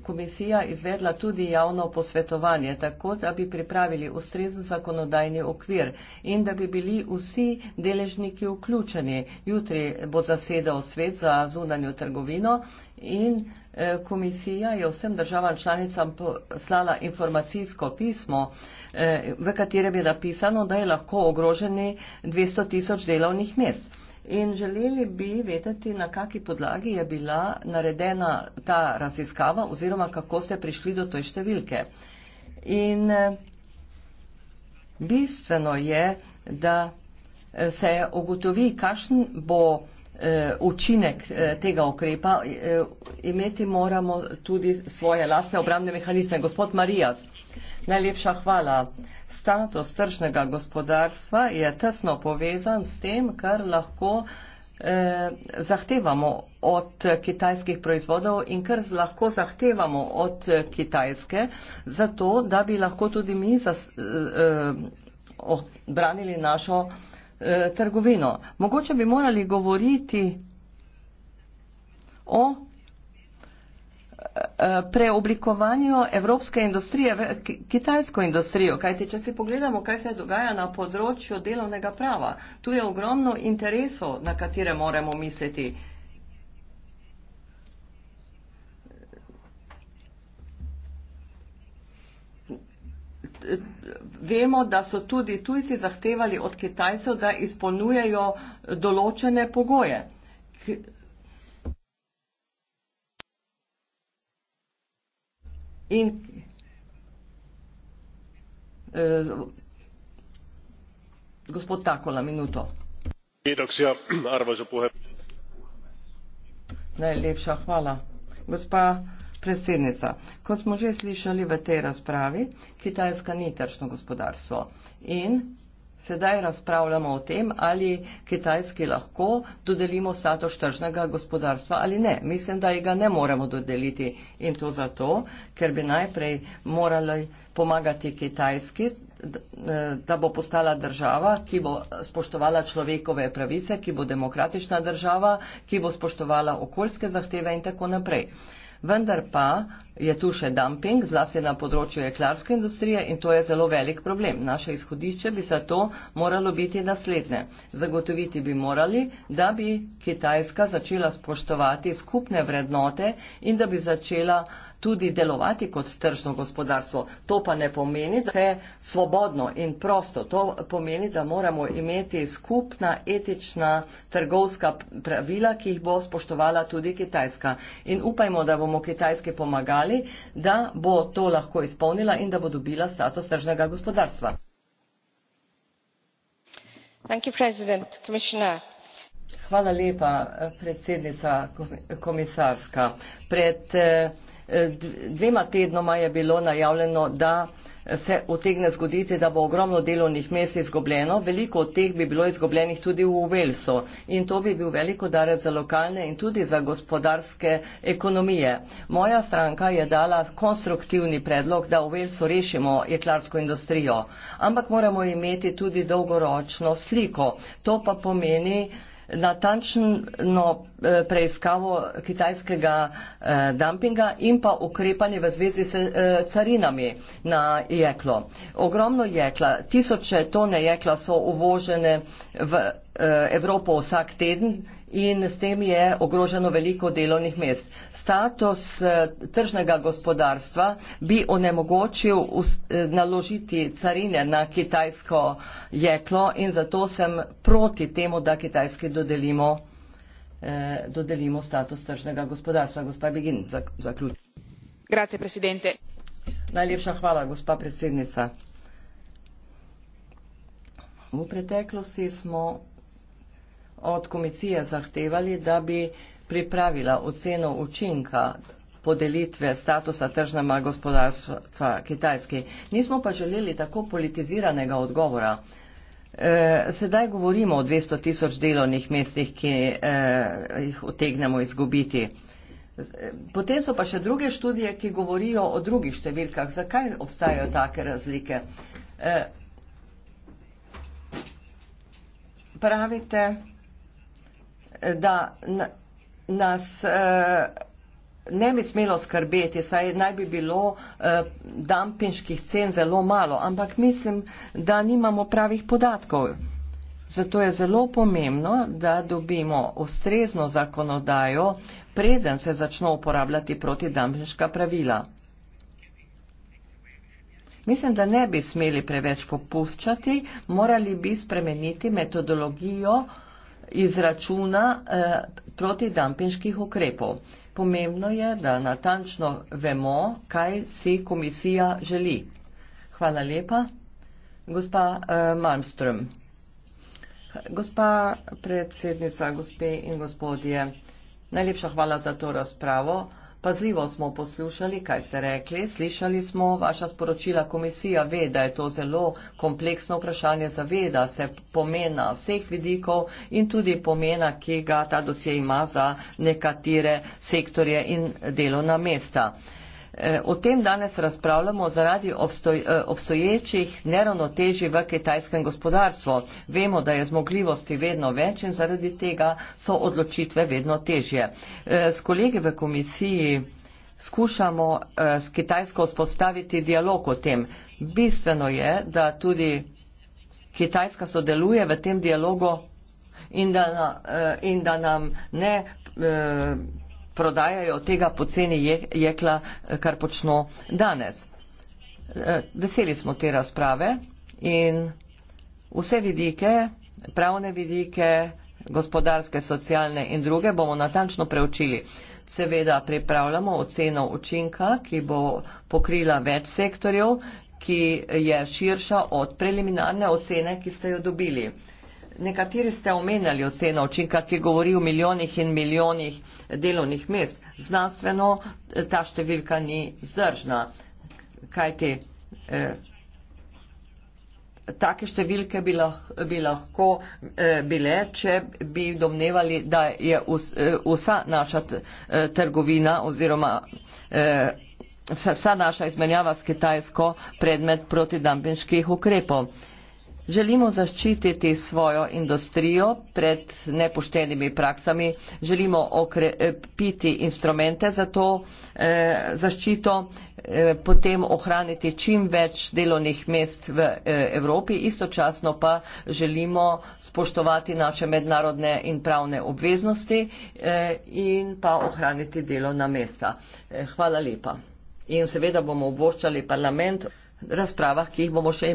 komisija izvedla tudi javno posvetovanje, tako da bi pripravili ustrezen zakonodajni okvir in da bi bili vsi deležniki vključeni. Jutri bo zasedal svet za zunanjo trgovino in eh, komisija je vsem državam članicam poslala informacijsko pismo, eh, v katerem je napisano, da je lahko ogroženi 200 tisoč delovnih mest. In želeli bi vedeti, na kaki podlagi je bila naredena ta raziskava oziroma kako ste prišli do toj številke. In eh, bistveno je, da eh, se ugotovi, kakšen bo eh, učinek tega okrepa. Imeti moramo tudi svoje lastne obramne mehanizme. Gospod Marijas. Najlepša hvala. Status tržnega gospodarstva je tesno povezan s tem, kar lahko eh, zahtevamo od kitajskih proizvodov in kar lahko zahtevamo od kitajske, zato da bi lahko tudi mi zas, eh, oh, eh, branili našo eh, trgovino. Mogoče bi morali govoriti o Eh, preoblikovanju evropske industrije, kitajsko industrijo. Kajti, če si pogledamo, kaj se dogaja na področju delovnega prava, tu je ogromno interesov, na katere moramo misliti. Vemo, da so tudi tujci zahtevali od kitajcev, da izpolnjujejo določene pogoje. K in eh, gospod Takola, minuto. Kiitoksia, arvoisa puhemies. Najlepša hvala. Gospa predsednica, kot smo že slišali v tej razpravi, Kitajska ni tržno gospodarstvo in Sedaj razpravljamo o tem, ali Kitajski lahko dodelimo status tržnega gospodarstva ali ne. Mislim, da ji ga ne moremo dodeliti in to zato, ker bi najprej morali pomagati Kitajski, e, da bo postala država, ki bo spoštovala človekove pravice, ki bo demokratična država, ki bo spoštovala okoljske zahteve in tako naprej vendar pa je tu še dumping, zlasti na področju jeklarske industrije in to je zelo velik problem. Naše izhodišče bi za to moralo biti naslednje. Zagotoviti bi morali, da bi Kitajska začela spoštovati skupne vrednote in da bi začela tudi delovati kot tržno gospodarstvo. To pa ne pomeni, da je svobodno in prosto. To pomeni, da moramo imeti skupna etična trgovska pravila, ki jih bo spoštovala tudi Kitajska. In upajmo, da bomo Kitajski pomagali, da bo to lahko izpolnila in da bo dobila status tržnega gospodarstva. Hvala lepa, predsednica komisarska. Pred eh, dvema tednoma je bilo najavljeno, da se otegne zgoditi, da bo ogromno delovnih mest izgubljeno. Veliko od teh bi bilo izgubljenih tudi v Velsu in to bi bil veliko darec za lokalne in tudi za gospodarske ekonomije. Moja stranka je dala konstruktivni predlog, da v Velsu rešimo jeklarsko industrijo, ampak moramo imeti tudi dolgoročno sliko. To pa pomeni, natančno eh, preiskavo kitajskega eh, dumpinga in pa ukrepanje v zvezi s eh, carinami na jeklo. Ogromno jekla, tisoče tone jekla so uvožene v Evropo vsak teden in s tem je ogroženo veliko delovnih mest. Status eh, tržnega gospodarstva bi onemogočil eh, naložiti carine na kitajsko jeklo in zato sem proti temu, da kitajski dodelimo, eh, dodelimo status tržnega gospodarstva. Gospa Begin, zaključim. Grazie, predsednice. Najlepša hvala, gospa predsednica. V preteklosti smo od komisije zahtevali, da bi pripravila oceno učinka podelitve statusa tržnega gospodarstva Kitajske. Nismo pa želeli tako politiziranega odgovora. E, sedaj govorimo o 200 tisoč delovnih mestih, ki e, jih otegnemo izgubiti. Potem so pa še druge študije, ki govorijo o drugih številkah. Zakaj obstajajo take razlike? E, pravite, da nas eh, ne bi smelo skrbeti, saj naj bi bilo eh, dampinških cen zelo malo, ampak mislim, da nimamo pravih podatkov. Zato je zelo pomembno, da dobimo ustrezno zakonodajo, preden se začno uporabljati proti dampinška pravila. Mislim, da ne bi smeli preveč popuščati, morali bi spremeniti metodologijo uh, izračuna eh, protidampinških ukrepov. Pomembno je, da natančno vemo, kaj si komisija želi. Hvala lepa. Gospa eh, Malmström. Gospa predsednica, gospe in gospodje, najlepša hvala za to razpravo. Pazljivo smo poslušali, kaj ste rekli, slišali smo vaša sporočila, komisija ve, da je to zelo kompleksno vprašanje, zaveda se pomena vseh vidikov in tudi pomena, ki ga ta dosje ima za nekatere sektorje in delovna mesta. Eh, o tem danes razpravljamo zaradi obstoj, eh, obstoječih neravnotežji v kitajskem gospodarstvu. Vemo, da je zmogljivosti vedno več in zaradi tega so odločitve vedno težje. Eh, s kolegi v komisiji skušamo s Kitajsko vzpostaviti dialog o tem. Bistveno je, da tudi Kitajska sodeluje v tem dialogu in da, in da nam ne prodajajo tega poceni jekla, kar počno danes. E, veseli smo te razprave in vse vidike, pravne vidike, gospodarske, socialne in druge bomo natančno preučili. Seveda pripravljamo oceno učinka, ki bo pokrila več sektorjev, ki je širša od preliminarne ocene, ki ste jo dobili nekateri ste omenjali oceno učinka, ki govori o milijonih in milijonih delovnih mest. Znanstveno eh, ta številka ni zdržna. Kaj ti? Eh, take številke bi lahko, bi lahko eh, bile, če bi domnevali, da je vsa naša trgovina oziroma vsa naša izmenjava s Kitajsko predmet protidampinških ukrepov želimo zaščititi svojo industrijo pred nepoštenimi praksami, želimo okrepiti instrumente za to eh, zaščito, eh, potem ohraniti čim več delovnih mest v eh, Evropi, istočasno pa želimo spoštovati naše mednarodne in pravne obveznosti eh, in pa ohraniti delovna mesta. Eh, hvala lepa. In seveda bomo oboščali parlament razpravah, ki jih bomo še imeli.